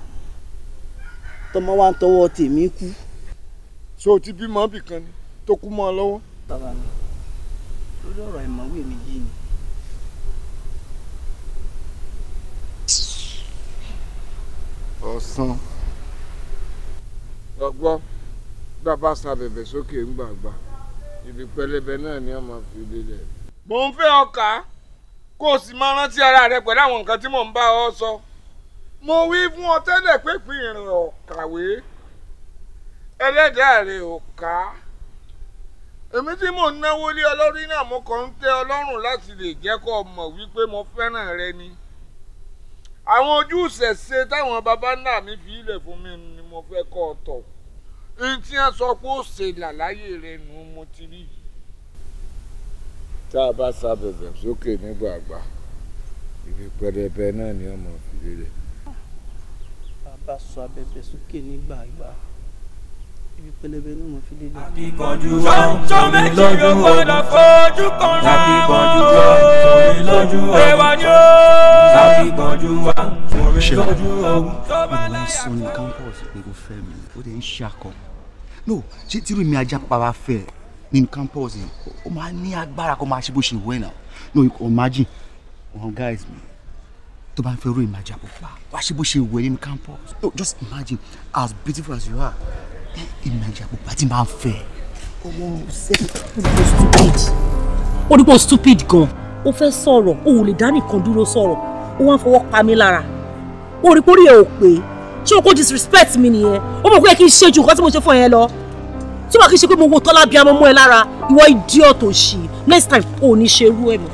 tọmọ wa ń tọwọ́ tèmi kú. so ti bímọ bìkan ni tó kú mọ́ ọ lọ́wọ́. bàbá mi lórí ọ̀rọ̀ ìmọ̀wé mi yìí ni. ọ̀sán ọgbọ́ bàbá san bẹ̀bẹ̀ sókè ń gbàgbà ibi pẹlẹbẹ náà ni wọ́n máa fi lélẹ̀. mò ń fẹ́ ọkà kó o sì máa rántí ara rẹ pẹ̀lú àwọn nǹkan tí mò ń bá ọ sọ mo wí fún ọ tẹ́lẹ̀ pé ìpín ìrìn ọ̀kàwé ẹlẹ́dàá rẹ ò èmi tí mò ń náwó lé ọlọ́rí náà mo kàn ń tẹ ọlọ́run láti lè jẹ́ kó mọ̀ wípé mo fẹ́ràn rẹ ni àwọn ojú ìṣẹ̀ṣe táwọn baba ńlá mi fi ilẹ̀ fún mi ni mo fẹ́ kọ́ ọ tọ̀ n tí wọ́n sọ pé ó ṣe làláyé rẹ nù mo ti rí. tá a bá sa bẹ̀bẹ̀ sókè nígbà àgbà ibi pẹrẹbẹ náà ni ọmọ fi lélẹ̀. tá a bá sókè nígbà àgbà ibi pẹlẹbẹ ní mo fi lílọ. àbíkọ̀jú wa tó méjì yóò padà fojú kan rán o. àbíkọ̀jú wa tó mi lójú o. ẹwà ni o. àbíkọ̀jú wa tó mi lójú o. ajá para fẹ́ ní campus yìí ó máa ní agbára kó máa ṣe bó ṣe wẹ̀ náà no you can imagine on guys tó bá ń fẹ́ ròyìn máa jàbọ̀ pa wá ṣe bó ṣe wù ẹ́ nínú campus no oh, just imagine as beautiful as you are èmi máa jàbọ̀ pa tí máa ń fẹ́ ọmọ ṣẹ́yìn ó stupid ó ní kó stupid gan ó fẹ́ sọ̀rọ̀ ó lè dá nìkan dúró sọ̀rọ̀ ó wá ń fọwọ́ pa mí lára ó rí pórí ẹ̀ ò pé ṣé o kò disrespect mi nìyẹn ó mọ̀ pé kí n ṣe ju nǹkan tí mo ṣe fún ẹ lọ tí wàá kí n ṣe pé mo wo tọ́lá bí amọ́ mọ́ ẹ lára ìwọ idiot òṣì next time ò ní ṣerú ẹ̀ mọ́.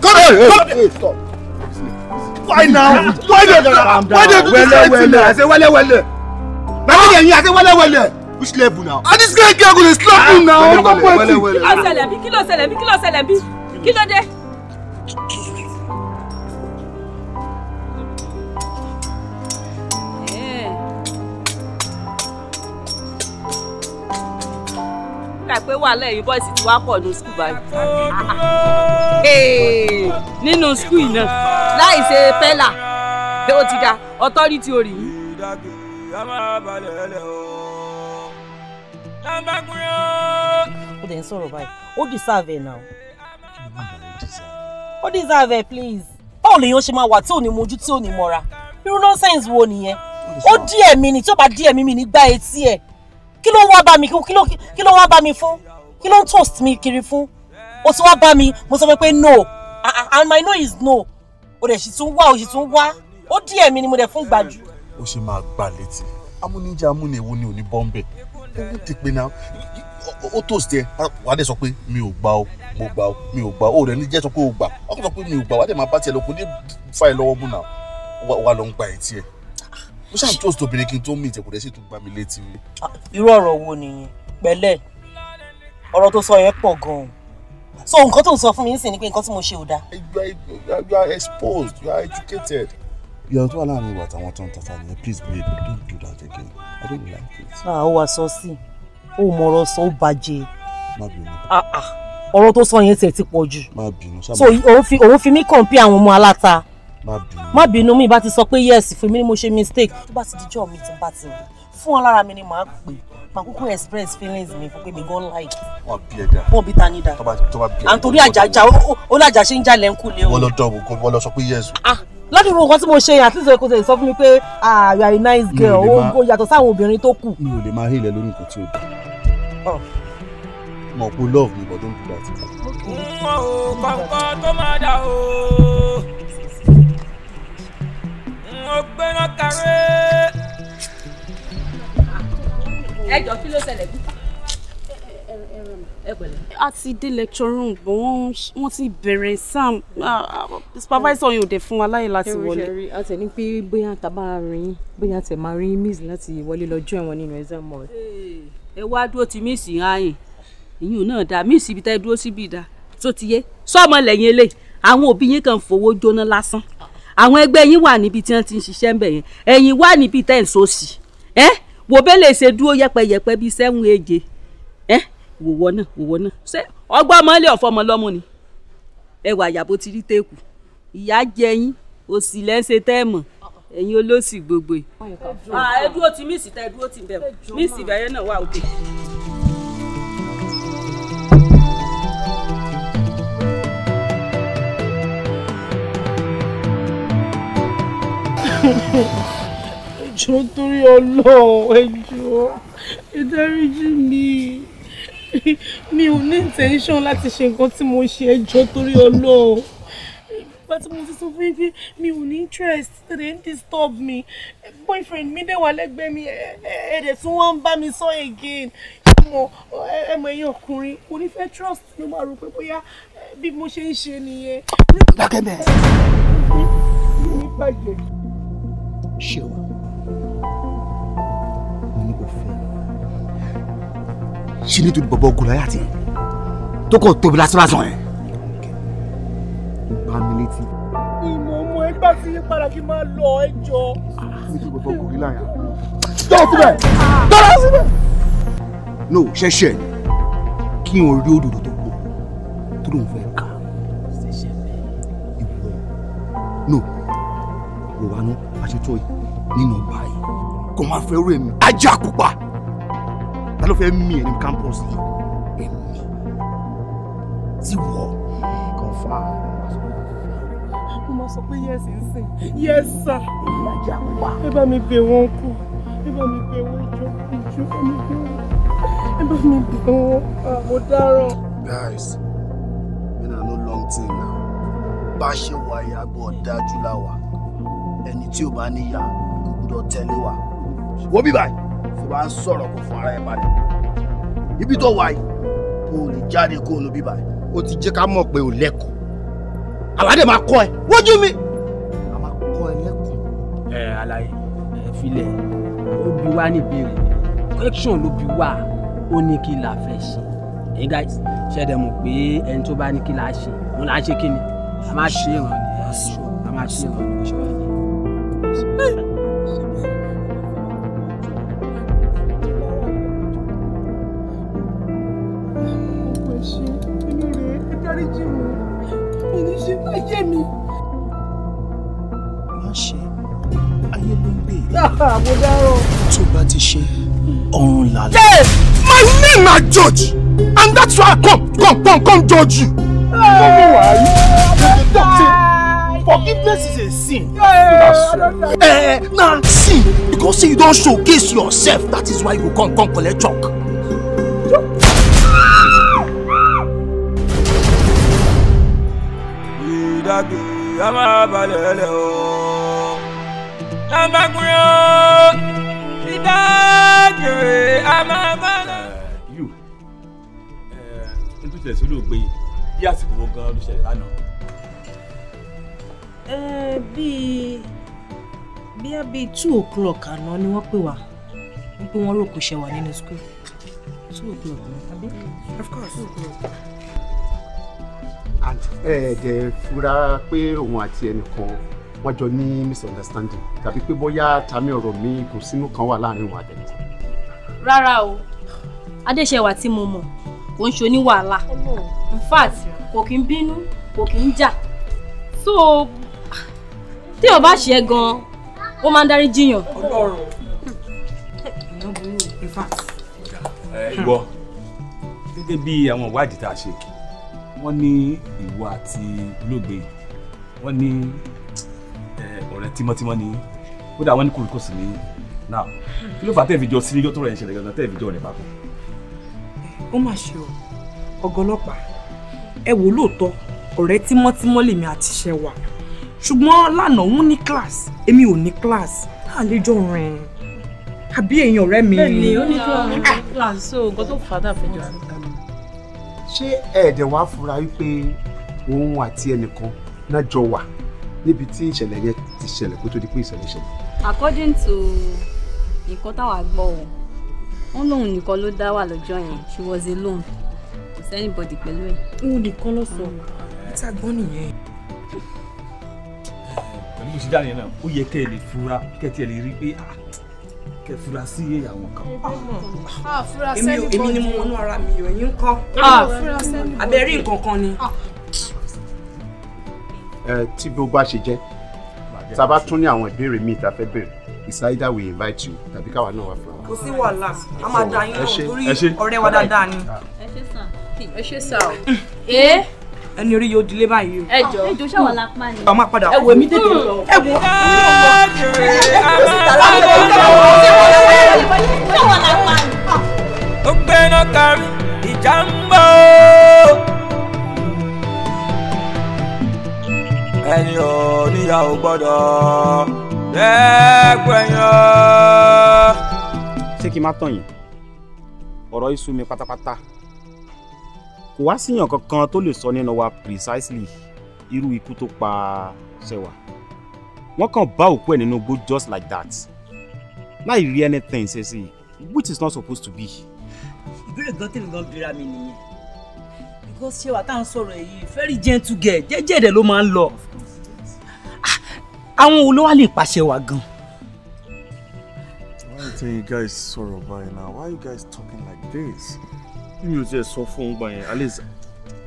come on come on. Why now? Ah, Why the calm down? Why the wele wele? I say well, well. Na me dey yin I say well, well. Which level now? And this guy girl go dey slap you now. Wele wele. well, ló ṣẹlẹ̀ bí? Kí ló ṣẹlẹ̀ dà pé wàhálà ẹ̀yin bọ́ọ̀sì ti wá pọ̀ ní skul báyìí. nínú skul yìí náà láì ṣe pẹ́là pé ó ti da ọtọ́rìtì orí yìí. ó dẹ̀ ń sọ̀rọ̀ báyìí ó deserve ẹ̀ náà. ó deserve ẹ̀ please. báwo lèèyàn ṣe máa wà tí ò ní mojú tí ò ní mọ́ra irú nonsense wo nìyẹn ó díẹ̀ mi ni tí ó bá díẹ̀ mi mi ní gbá etí ẹ̀ kí ló ń wá bá mi kí ló kí ló ń wá bá mi fún kí ló ń toast mi kiri fún o ti wá bá mi mo sọ pé no ah, ah, and my no is no o dẹ̀ sì tún wá o sì tún wá ó díẹ̀ mi ni mo dẹ̀ fún gbàjú. ó ṣe máa gbà létí amúnijẹ amúnìwò ni òní bọ́m̀bẹ̀ ó ti pe náà ó toast ẹ wàá dẹ̀ sọ pé mi ò gbà o mo gbà o mi ò gbà o rẹ̀ ní jẹ́ sọ pé o gbà ọkọ̀ sọ pé mi ò gbà wàá máa bá tiẹ̀ lọ ní fa ẹ lọ́wọ́ mú náà wàá lọ ń gba ẹ̀ tiẹ̀ mo ṣáà tó sọ obìnrin kí n tó mí ìtẹ̀kùn rẹ̀ sì tún gbá mi létí. irú ọ̀rọ̀ wo nìyẹn pẹ̀lẹ́ ọ̀rọ̀ tó sọ yẹn pọ̀ gan-an so nǹkan tó ń sọ fún mi ń sìn ni pé nǹkan tí mo ṣe ò dáa. you are exposed you are educated. ìyàwó tó wà láàrin ìwà àtàwọn tó ń tata nìyẹn please babe don't do that again i don't like it. náà ah, ó wàá sọ sí o ó mọ̀rọ̀ sọ ó bàjẹ́. má bínú. Ah, ah. ọ̀rọ̀ tó sọ yẹn tiẹ̀ ti pọ̀ jù. má bínú sábà. so òun fi mí kàn pé àwọn ọmọ aláta má bínú mi ìbá ti sọ pé yes fún mi ni mo ṣe mistake tó bá ti di jọ́ mi tí n bá ti rí fún ọlára mi ni màá pè màá kúkú express feelings mi fún pé mi gan like. wọn bí ẹ dá wọn bí ta ni dá à ń torí àjàjà ó lájà ṣe ń jalè ń kú lé o. wọ́n lọ dọ̀wọ́ kó wọ́n lọ sọ pé yes. Ah, lọ́dún ìwọ̀n kan tí mo ṣe yẹn àti ìṣòro kò tẹ̀ sọ fún mi pé ah you are a nice girl o yàtọ̀ sáwọn obìnrin tó kù. mi ò lè máa hílẹ̀ lórí nǹkan tí o dá oh. mọ̀ pé love mi but don't do that. mo kò kọ́ ò kọ̀ǹkọ́ tó máa dà o mo gbé náà kàwé. ẹ jọ kí ló ṣẹlẹ̀ bí. a ti dé lecture room bọ̀ wọ́n ti bẹ̀rẹ̀ sam ah, ah, supervisor yóò dé fún wa láyè láti wọlé. a tẹ̀ ní pé bóyá tábà rìn bóyá tẹ̀ máa rí miss láti wọlé lọ́jọ́ ẹ̀wọ̀n nínú exam hall. ẹ wá dúró ti miss yín ààyè ìyún náà dáa miss ibi tẹ́ dúró síbi dáa tó ti yé sọ́ọ̀mọ́ lẹ́yìn eléyìí àwọn òbí yín kàn fowó jóná lásán àwọn ẹgbẹ́ yín wà níbi tí wọ́n ti ń ṣiṣẹ́ ń bẹ̀ yẹn ẹ̀yin wà níbi tẹ́ ń sọ́ọ̀sì ẹ́ wò bẹ́ẹ̀ lè ṣe dúró yẹpẹyẹpẹ bíi sẹ́wọ̀n èje ẹ́ wòwọ́ náà wòwọ́ náà ṣé ọgbọ́n ọmọ ilé ọ̀fọ́ ọmọ lọ́mú ni ẹ wà yàbó ti rí téèkù ìyá jẹ yín òsì lẹ́sẹ̀ tẹ́ẹ̀mọ̀ ẹ̀yin olóṣì gbogbo yìí. Ah, dúró ti mísì tẹ dúró ti bẹ̀rù mísì bẹ̀rẹ̀ náà wà òkè. ẹjọ́ torí ọlọ́ọ̀ ẹjọ́ ìdáríjì mi mi ò ní intention láti ṣe nǹkan tí mo ṣe ẹjọ́ torí ọlọ́ọ̀ ìgbà tí mo ti sọ fún yín pé mi ò ní interest they didn't disturb me boyfriend mi dẹ̀ wà lẹ́gbẹ̀ẹ́ mi ẹ̀ẹ́dẹ̀ tí wọ́n ń bá mi sọ again mọ ẹmọ ẹyin ọkùnrin kò ní fẹ́ trust ló máa rò pé bóyá bí mo ṣe ń ṣe nìyẹn. dákẹ́ bẹ́ẹ̀. ní bàjẹ́ ṣe wa mo ní kò fẹ́ ṣe nítorí bọ̀bọ̀ Gòláyátì tó kàn tóbi lásán lásán yẹn. bá mi létí. ìmọ̀ ọmọ ẹgbà tí yín padà kí n máa lọ ẹ jọ. nítorí bọ̀bọ̀ gorilla yẹn. tọ́lá síbẹ̀ tọ́lá ah. síbẹ̀. no ṣẹ̀ṣẹ̀ kí n rí òdòdó tó kù tó lóun fẹ́ ká. no wò wá náà ṣe tó yìí nínú ọgbà yìí kò máa fẹ́ rú èmi ajá pupa ta ló fẹ́ mí ẹ̀ ní campus yìí èmi ti wọ̀ kàn fà á. mo máa sọ pé yẹ́sì ń sìn yẹ́sì sà èmi ajá pupa. ẹ bá mi bẹ̀ wọ́n kú ẹ bá mi bẹ̀ wọ́n ìjọ ìjọ mi bẹ̀ wọ́n ẹ bá mi bẹ̀ wọ́n ah, mo dáràn. guys been a no long time now bá a ṣe wáyé agbó ọ̀dájú láwa ẹni tí ò bá níyà kò gbọdọ̀ tẹ̀lé wa wo bí báyìí O bá ń sọ̀rọ̀ kò fún ara ẹ̀ balẹ̀ ibi tó wà yìí kò lè jáde kó nu bí báyìí. ó ti jẹ́ ká mọ̀ pé ò lẹ́kọ̀ọ́ àwádẹ́ máa kọ́ ẹ wójú mi. a máa kọ́ ẹ lẹ́kọ̀ọ́. ẹ alaye ẹ filẹ ó bi wá ní ìbéèrè question ló bi wá ó ní kí la fẹ́ ṣe ẹ̀yin guys ṣẹ̀dẹ̀ mọ̀ pé ẹni tó bá ní kí la ṣe òun là ṣe kí ni a máa ṣe ìrànlẹ́ a máa ṣe ìrànlẹ́ my name is George, and that's why i come come come come George. you. you no mean why you dey talk say forgiveness is sin. Eh, eh na sin because say you don't showcase yourself that is why you go come come collect chalk. You. a máa balẹ̀ eh, gan-an ló ṣẹlẹ̀ bíi bíi bíi two o'clock àná ni wọ́n pè wá wípé wọ́n rò kò ṣe wà nínú school two o'clock ni àbí. of course two o'clock. and ẹ ẹ dẹ fura pé òun àti ẹnìkan wọ́n jọ ní misunderstanding tàbí pé bóyá tàmí ọ̀rọ̀ mi kò sínú kan wà láàrin wọn àtẹnìkan. rárá o adéṣẹwà tí mo mọ̀ kò ń ṣe oníwàhálà in fact kò kí ń bínú kò kí ń jà so tí o bá ṣe é gan ó máa ń dárí jiyàn. Ọlọ́run èèyàn burú in fact. ìwọ gẹ́gẹ́ bí àwọn ìwádìí tá a ṣe wọ́n ní ìwọ àti olóògbé wọ́n ní ọ̀rẹ́ tímọ́tímọ́ ni kódà wọ́n ní kòríkòsì ní náà kí ló fà tẹ́ẹ̀ fi jọ sí níjọ́ tó rẹ̀ ń ṣẹlẹ̀ gangan tẹ́ẹ̀ fi jọ rẹ̀ papọ̀. ó mà ṣe o ọgọlọpàá ẹ wò lóòótọ́ ọ̀rẹ́ tímọ́tímọ́ lèmi àti ṣẹwàá ṣùgbọ́n lánàá òun ní class èmi ò ní class tá a lè jọ rìn àbí èèyàn ọ̀rẹ́ mi. bẹ́ẹ̀ni ó ní class so nǹkan tó fà á dà fẹjọ. ṣé ẹ̀ẹ́dẹ̀ wàá fura wípé òun àti ẹnìkan náà jọ wà níbi tí ìṣẹ̀lẹ̀ yẹn ti ṣẹlẹ̀ kó tó di pé ìṣẹ̀lẹ̀ ṣẹlẹ̀. according to nǹkan táwa gbọ́ ọ wọn lòun nìkan ló dá wà lọ́jọ́ yẹn she was alone kò sẹ́nìbọ̀dì pẹ̀lú ẹ̀. òun nìkan ló sọ ọ́ mm. ìta gbọ́ nìyẹn pẹ̀lú bó ṣe jáde náà ó yẹ kẹ́ ẹ lè fura kẹ́ ẹ tiẹ̀ lè rí pé ah, kẹ́ ẹ fura sí àwọn kan. Ah, èmi ni mo mọnú ara mi yọ ẹ̀yin kọ́ ah, abẹ́rí nǹkan kan ni. ẹ tí bó bá ṣe jẹ́ tá bá tún ní àwọn ìbéèrè míì tá a fẹ́ it's either we invite you tàbí káwa náà wà fún wa. kò sí wàhálà a máa da yín lọ torí ọ̀rẹ́ wa dáadáa ni. ẹ ṣe sàn ẹ ṣe sàn o. Eh? ẹni orí yóò dilé báyìí o. ẹjọ ah, ẹjọ ṣáwọ lápá ni. ọmọ padà ẹ wò mí tètè lọ. ẹ wò ṣáwọ lápá ni. ó gbéná kárí ìjà ń bọ̀. ẹ̀yin ò níyàwó gbọ́dọ̀ lẹ́gbẹ̀yàn. ṣé kí n má tàn yín ọ̀rọ̀ yìí sú mi pátápátá kò wá síyàn kankan tó lè sọ nínú wa precisely irú ikú tó pa Ṣẹ̀wà wọ́n kàn bá òkú ẹ̀ nínú igbó just like that láì rí anything ṣe sí which is not supposed to be. ìbéèrè gan tèmi gan bira mi nìyẹn because Ṣẹ̀wà tá à ń sọ̀rọ̀ èyí very gentle girl jẹ́jẹ́ rẹ̀ ló máa ń lọ ah, àwọn olówó lè pa Ṣẹ̀wà gan. why you tell you guys sọ̀rọ̀ báyìí now why you guys talking like this mi ò tiẹ̀ sọ fún un gbà yẹn at least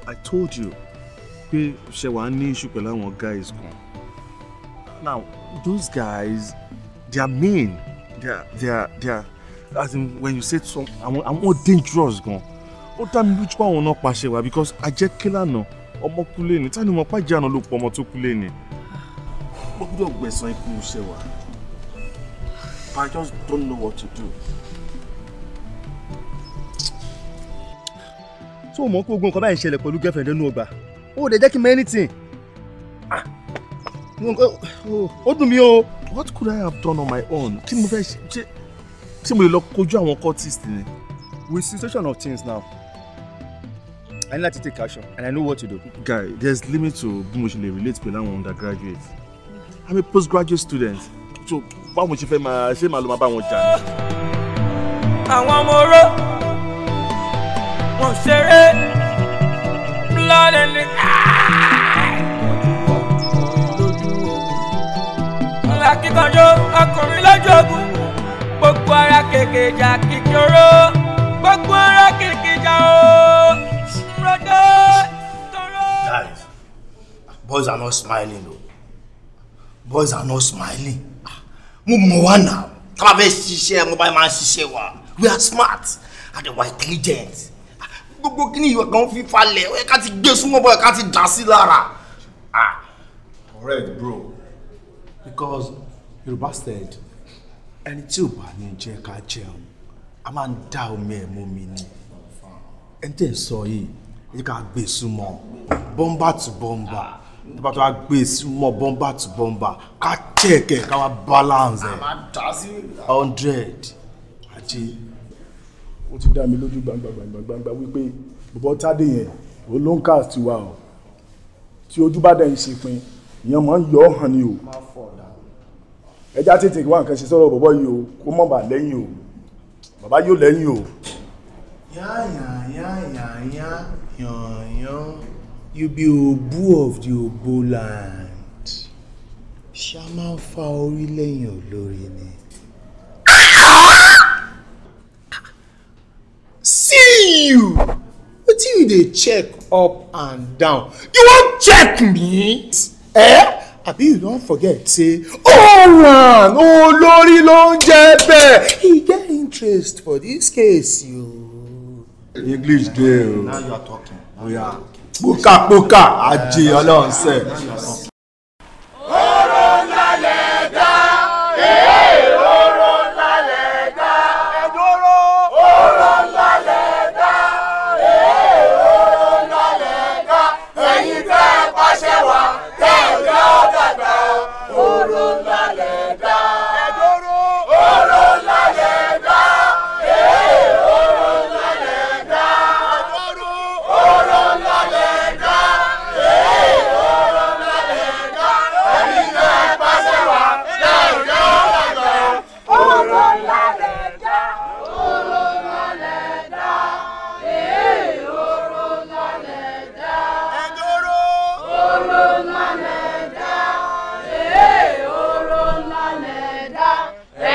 i told you pé ṣe wàá ní issue pẹ̀lú àwọn guys kan now those guys they are mean they are they are they are as in when you say some àwọn àwọn dangerous gan ó dá mi lójú pé àwọn náà pàṣẹ wa because ajẹ́kẹ́ lánàá ọmọ kú lé ní tani mo pàjẹ́ àná ló pọ̀ ọmọ tó kú lé ní. wọ́n gbọ́dọ̀ gbẹ̀san ikú ṣe wa i just don't know what to do. so mọ̀ pé ogun nǹkan báyìí ń ṣẹlẹ̀ pẹ̀lú girlfriend nínú ọgbà ó dẹ̀ jẹ́ kí n mọ anything ó ah! dùn mí o. what could I have done on my own tí mo fẹ́ ṣe tí mo lè lọ kojú àwọn cultists ni. with situation of things now I need to take action and I know what to do. guy there's limit to bí mo ṣe lè relate pẹ̀lú àwọn undergraduate I'm a postgraduate student so báwo ṣe fẹ́ máa ṣe máa lọ máa bá wọn jà. àwọn ọmọ oró mo ṣeré blood in ah! ọkùnrin lójú ogun gbogbo ara kèkèjà kìkìrò gbogbo ara kìkìjà o ròdó tọrọ. guys boys are not smiling o boys are not smiling ah, mo mọ̀ wá náà tá a bá ṣiṣẹ́ mo bá máa ṣiṣẹ́ wa we are smart and we are intelligent gbogbo kíní ìwé kan fi falẹ̀ ó yẹ ká ti gbé súnmọ́ bọ́ọ̀ ká ti dà sí lára. correct bro because yorùbá said ẹni tí ò bá ní jẹ́ ká jẹun a máa ń dá omi ẹ̀ mú mi ni ẹni tẹ̀ sọ yìí ẹ jẹ́ ká gbé e súnmọ́ bọ́ńbà tù bọ́ńbà nígbà tó wá gbé e súnmọ́ bọ́ńbà tù bọ́ńbà ká check ẹ̀ ká wá balance ẹ̀ hundred ajé ó ti dá mi lójú gbangba wípé bọ̀bọ̀ tádé yẹn ó ló ń kà sí o tí ojú bá dẹ̀ ń ṣe ìyẹn máa ń yọ ọ́ hàn ni o ẹja tètè wá nǹkan ṣe sọ̀rọ̀ bọ̀bọ̀ yìí o kó mọ̀ bà lẹ́yìn o bàbá yóò lẹ́yìn o. yáyàyáyáyá yànyàn you be obu of the oboland ṣá máa ń fa orí lẹ́yìn olórí ni. see you wetin you dey check up and down you wan check me eh àbí you don forget say Oh olórí oh ń jẹ́ bẹ́ẹ̀ he get interest for this case o. english dey o Buka, buka. poka ajé ọlọ́run sẹ́ẹ̀.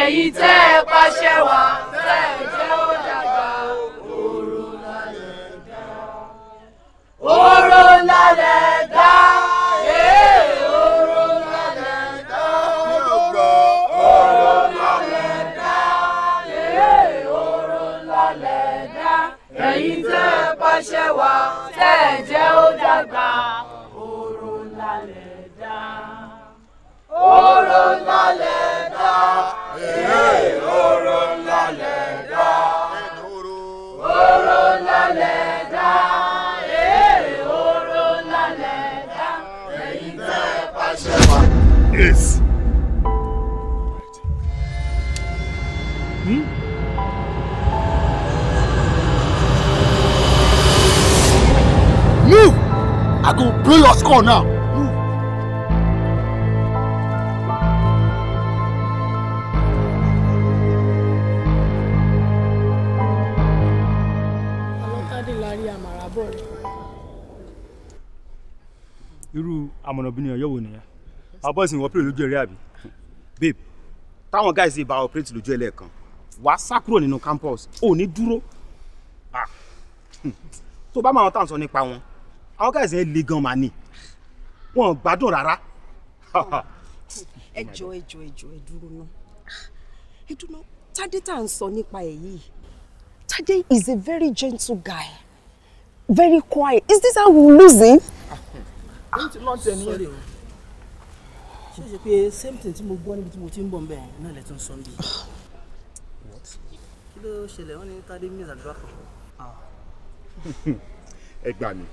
ẹ̀yin tẹ́ ẹ pàṣẹ wá. Play your score now. Move. irú amọ̀nàbìnrin ọ̀yọ́ wo nìyẹn our boys ń operate lójú ẹ̀rẹ́ àbí babe táwọn guys yìí bá operate lójú ẹ̀lẹ́ kan wàá sá kúrò nínú campus ò ní dúró ah, hmm. tó bá máa wọn tàn sọ nípa wọn àwọn káyọ̀sẹ̀ yẹn le gan-an mà ni wọn ò gbádùn rárá. ẹ jọ ẹ jọ ẹ jọ ẹ dúró náà ẹ dúró náà Tade tá à ń sọ nípa ẹ yìí Tade is a very gentle guy very quiet is this how we lose him. ó ti lọ́ọ́ tẹ̀ níyẹn o ṣé ṣe pé same thing tí mo gbọ́ níbi tí mo ti ń bọ̀ ń bẹ̀ náà lẹ́tọ̀ ń sọ ń bí. kí ló ṣẹlẹ̀ wọ́n ní Tade miss àdúrà kan. Ah. ẹ gbà mí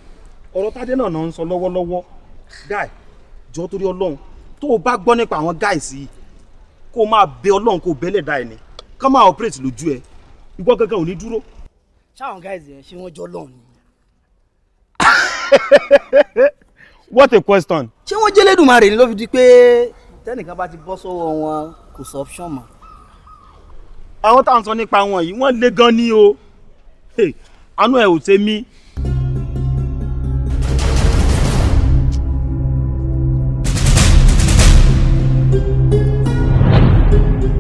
ọ̀rọ̀ tádé náà náà ń sọ lọ́wọ́lọ́wọ́ guy jọ torí ọlọ́run tó o bá gbọ́ nípa àwọn guys yìí kó o máa bẹ ọlọ́run kó o bẹ́lẹ̀ dá ẹ ni ká máa operate lójú ẹ ìwọ gangan ò ní dúró. ṣáwọn guys yẹn ṣé wọ́n jọ ọlọ́run ni. what a question. ṣé wọ́n jẹ́ lẹ́dùnmarè ni ló fi di pé tẹ́nìkan bá ti bọ́ sọ́wọ́ wọn kò sọ option mọ́. àwọn táwọn sọ nípa wọn yìí wọ́n le gan ni o àánú ẹ̀ ò tẹ́ mí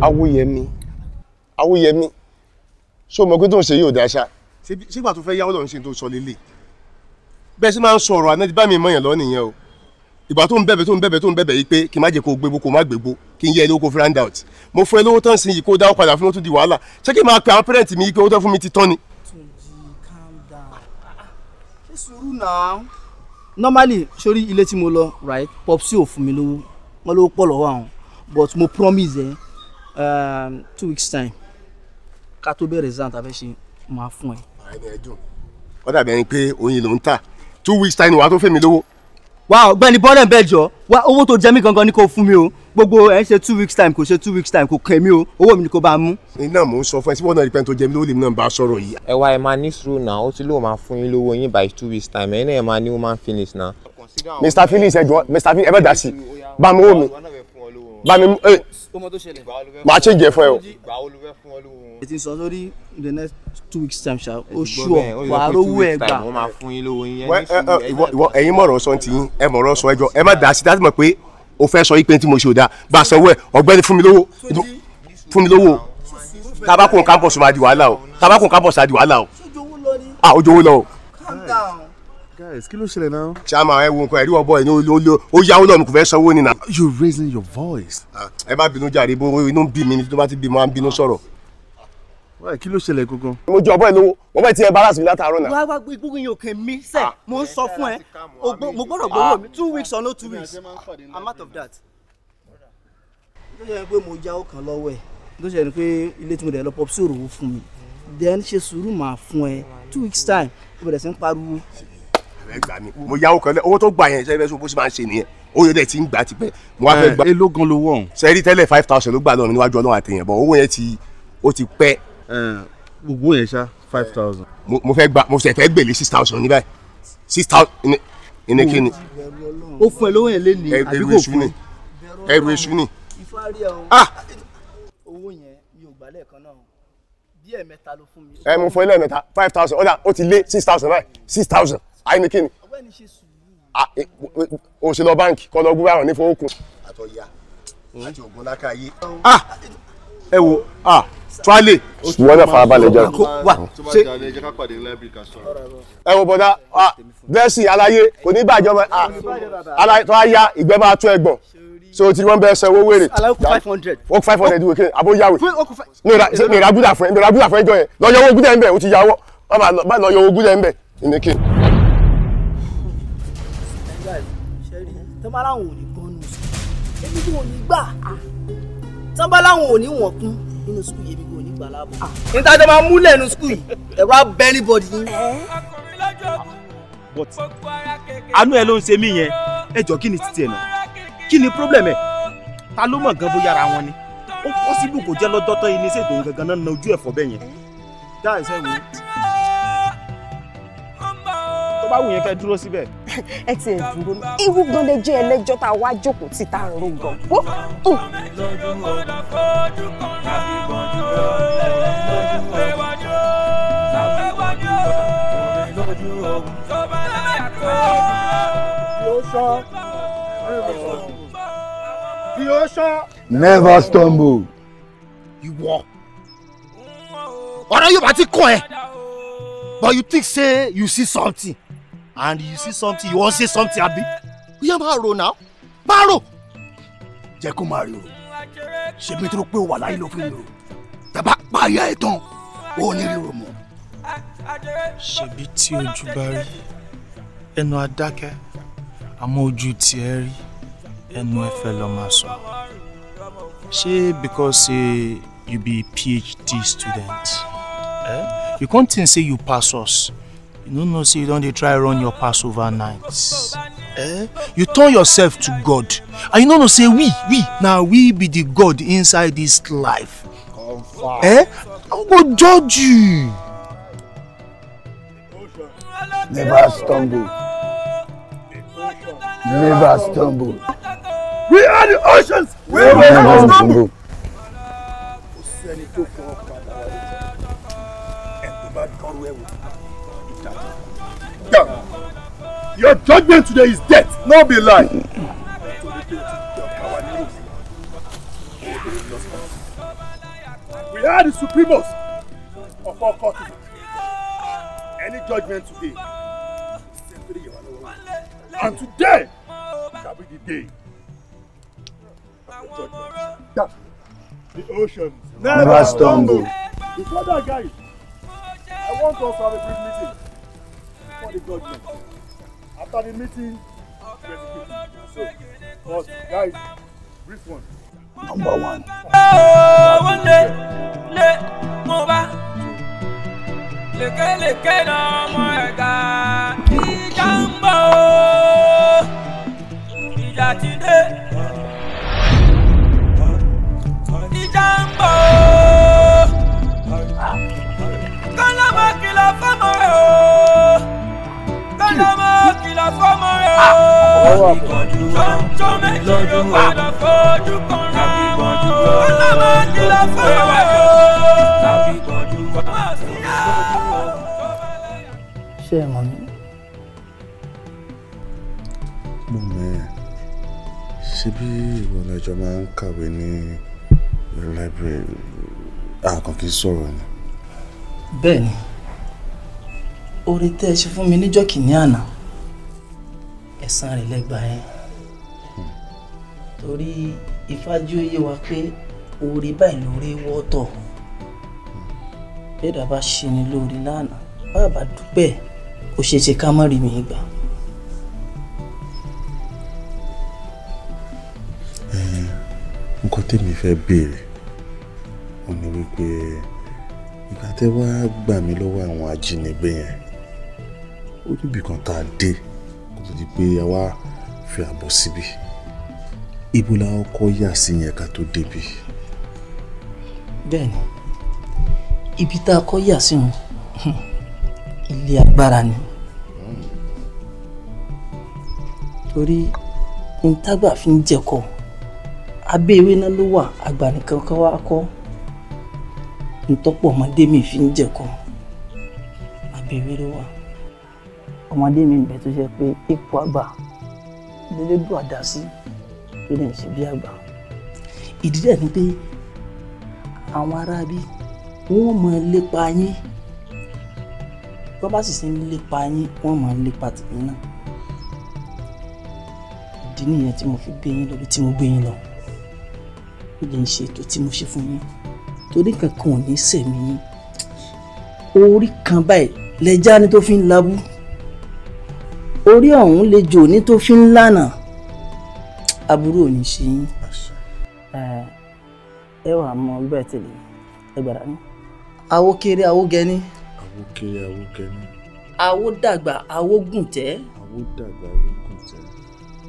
awóyẹmí awóyẹmí ṣó mọ̀ pé tó ń ṣe yóò dáṣà. ṣégbà tó fẹ́ yáwó lọ́run ṣe tó sọ lélẹ̀ bẹ́ẹ̀ sì máa ń sọ̀rọ̀ àná ti bá mi mọ̀ yàn lọ nìyẹn o ìgbà tó ń bẹ̀bẹ̀ tó ń bẹ̀bẹ̀ tó ń bẹ̀bẹ̀ yìí pé kí n má jẹ́ kó gbégbó kó má gbégbó kí n yẹ lówó kó out mo fún ẹ lówó tán sí yìí kó dáwọ́ padà fún mi tó di wàhálà ṣé kí n máa pe àwọn pẹ́rẹ́ǹtì mi pé owó tán fún mi ti tán ni. Túnjí calm down ṣé sùúrù náà. normally sórí ilé tí mo lọ right popsi ò fún mi lówó wọn lówó pọ̀ lọ́wọ́ àwọn but mo promise eh, um, two weeks time ká tó bẹ̀rẹ̀ exam tá a fẹ́ ṣe máa fún ẹ. ẹni ẹ dùn ó dàbí ẹni pé oyin ló ń tà two weeks time wàá tó fẹ́ mi lówó. wá ọ̀gbẹ́ni bọ́dẹ̀ bẹ́ẹ̀ jọ wá owó tó jẹ mí gangan ni kò fún mi o gbogbo ẹ ń ṣe two weeks time kò ṣe two weeks time kò kàn mí o owó mi ni kò bá mú. iná mò ń sọ fún ẹ síbọ̀ náà rí pẹ́ẹ́n tó jẹ mí lówó lèmi náà bá sọ̀rọ̀ yìí. ẹ wá ẹ máa ní sùúrù náà ó ti lóò máa fún yín lówó yín by two weeks time ẹ̀yin náà ẹ máa ní woman feelings náà. Mr. Phillips ẹ jọ Mr. Phillips ẹ bá dà sí bá mi wò mí bá mi ẹ máa ṣe jẹ fún ẹ o. ẹ ti sọ sórí the next two weeks time ṣá o ṣùọ wà á rówó ẹ gbà. ẹ̀yin mọ̀rọ̀ sọ ti yín ẹ mọ̀rọ̀ sọ ẹjọ́ ẹ má dà sí dájú mọ̀ pé o fẹ́ sọ yí pé tí mo ṣe ò dáa bá a sanwó ẹ ọ̀gbẹ́ni fún mi lówó fún mi lówó tabakun campus máa di wàhálà o tabakun campus máa di wàhálà o ah ojowó lọ o. calm down yes kí ló ṣẹlẹ̀ náà. chama ẹ wo nǹkan ẹ̀rí ọ̀bọ ẹ̀ ní olú ó yáwó lọ́nù kò fẹ́ sanwó ni you raising your voice. Ah, ẹ má bínú jàre bó inú bí mi ni tó bá ti bí mo máa ń bínú sọ̀rọ̀. wáyé kí ló ṣẹlẹ̀ gangan. mo jẹ ọ̀bọ ẹ̀ lówó wọ́n bẹ̀ ti ẹ bára sí mi látàárọ̀ náà. wá wá gbogbo yín òkè mi sẹ́ ah. mo ń sọ fún ẹ mo gbọ́dọ̀ gbowó mi two weeks or no two weeks i'm out of that. ló yẹ pé mo yáwó kan lọ́wọ́ ẹ̀ ló ṣe ni pé ilé tí mo dẹ̀ lọ pọ̀ sí òròwó fún mi then ṣe sùúrù màá fún ẹ two weeks time mo bẹ̀rẹ̀ sí ń pariwo gbà mí mo yáwó kan lẹ owó tó gbà yẹn ṣe fẹsùn bó ṣe máa ń ṣe nìyẹn oyè dẹ ti ń gbà tipẹ́ mo wá ló wọ̀n. sẹ́rí tẹ́lẹ̀ five thousand ló gbà náà níwájú ọlọ́run àtẹ̀yìn bọ̀ owó yẹn ti ó ti pẹ́. gbogbo yẹn ṣá five thousand. mo fẹ́ gbà mo fẹ́ gbèlè six thousand ní six thousand ní kíni. ó fún ẹ lówó yẹn lé ní àbí fún ẹ. ẹrù èṣù ni. Ah! ẹ mo fún ẹ lẹ́ẹ̀mẹ́ta five thousand ọ̀dà ó ti lé six thousand báyìí six thousand àìní kíni. ọgbẹ́ni ṣe sùúrù. Ah, eh, o ṣe lọ báǹkì kọ́ lọ gbúra ní fowókun. àtọ̀yà àti hmm. ògùn lákàyè. Ah, ẹ wo ah, tuale. wọ́n náà farabalẹ̀ jẹ́ ẹ wo bọ́dá blessing aláyé kò ní bàjẹ́ ọmọ aláyé tó á yá ìgbẹ́ máa tó ẹgbọ̀n so ti wọn bẹ sanwó wèrè wọ́n five hundred five hundred. wíkẹ́ àbóyáwé mi ìrà gúdà fún ẹ mi ìrà gúdà fún ẹ jọ yẹn lọ yọ owó gúdà ń bẹ o ti yà wọ́ bá lọ yọ owó gúdà ń bẹ ìníkè. tó bá láwọn ò ní gan nù sùn ebi kò ní gbà tó bá láwọn ò ní wọ̀n kún nínú sùkúù yìí ebi kò ní gbà láàbọ̀. níta tó máa múlẹ̀ nínú sùkúù yìí ẹ̀rọ abẹ́ ní bọ́dì yín. ẹ ló ń ṣe mí yẹn ẹ jọ kí ni títí ẹ nà kí ni problem ẹ ta ló mọ̀ gan bóyá ara wọn ni ó pọ́sibú kò jẹ́ lọ́jọ́ tán iléeṣẹ́ ìdòwò gangan náà na ojú ẹ̀fọ́ bẹ́ẹ̀ yẹn. dáa ìṣẹ́ tó bá wù yẹn kẹ́ dúró síbẹ̀. ẹ ti ẹ̀ dúró ní irú gan jẹ́ ẹlẹ́jọ́ tá a wá jókòó tí tá a rò gan. never stumble. ìwọ ọ̀rọ̀ yóò bá ti kọ́ ẹ but you think say you see something and you see something you wan say something abi bóyá máa rò náà máa rò jẹ́ kó máa rò ṣèbí tó pé wà láyé ló fi rò tàbá pààyà ẹ̀ tán ó ní rírò mọ́. ṣèbí tí ojú bá rí ẹnu adákẹ́ àmọ́ ojú tiẹ̀ rí ẹnu ẹ lọ́ọ́ máa sọ ṣé because say eh, you be PhD student eh? you come think say you pass us. You no know, say you don't try run your Passover nights. Eh? You turn yourself to God. And you no know, say we, we, now we be the God inside this life. Eh? I go judge you. Never stumble. Never stumble. We are the oceans. We, we will never stumble. stumble. Your judgment today is death. No be lie. We are the supremos of our court. Any judgment today, and today shall be the day the ocean never, never stumble. Before that, guys, I want us to have a brief meeting for the judgment after the meeting but guys brief one. number one. owó lé lé mo bá lékeléké náà mọ ẹ̀ka ìjà ń bọ̀ ọ́ ìjà ti dé. ìjà kì í. Ah, ọwọ́ àpọ̀jù lọ́dún wa tàbí bọ́jú lọ́dún wa tàbí bọ́jú wa. Ah. ṣé ẹ mọ̀ mí. mo mẹ́ ẹ̀ ṣebí ìwọ lẹ́jọ́ máa ń kàwé ní library àkànkí sọ̀rọ̀ ni. bẹ́ẹ̀ oore tẹ́ ẹ ṣe fún mi níjọ́ kìíní àná ẹ̀san rẹ̀ lẹ́gbàá yẹn torí ìfájú yé wa pé oore báyìí lóore wọ́tọ̀ bẹ́ẹ̀ bá ṣe ni lóore lánàá bàbá dúpẹ́ ó ṣe ṣe ká má rí mi gbà. nǹkan tèmi fẹ́ béèrè ó ní wípé ìgbà tẹ́ wàá gbà mí lọ́wọ́ àwọn ajínigbé yẹn ó níbi kan tá a dé kó tó di pé a wá fi àbọ̀ síbi ibo la kọ́kọ́ yà sí yẹn ká tó débi. bẹ́ẹ̀ni ibi tá a kọ yà sí wọn ilé agbára ni torí ntágbà fi ń jẹkọ abẹ́ ewé náà ló wà àgbà nìkan kan wá kọ́ ntọ́pọ̀ ọmọdé mi fi ń jẹkọ abẹ́ ewé ló wà. ọmọdé mi bẹ tó jẹ́ pé ipò àgbà lélẹ́dù àdásí tó lè ṣe bí àgbà ìdí dẹ̀ ni pé àwọn aráabí wọ́n mọ̀ lépa yín wọ́n bá sì sí ń lépa yín wọ́n mọ̀ ń lépa tèmi náà ìdí nìyẹn tí mo fi gbé yín lóbi tí mo gbé yín lọ ó lè ń ṣe ètò tí mo ṣe fún yín torí kankan ò ní sẹ̀mí yín orí kan báyìí lẹ́jà ni tó fi ń labú orí ọ̀hún lè jò ní tó fi ń lànà aburú ò ní ṣe yín ẹ wà mọ bẹ́ẹ̀ tẹ̀lé ẹ gbàdá ní. awo kéré awo gẹni. awo kéré awo gẹni. awo dàgbà awo gùn tẹ́. awo dàgbà awo gùn tẹ́.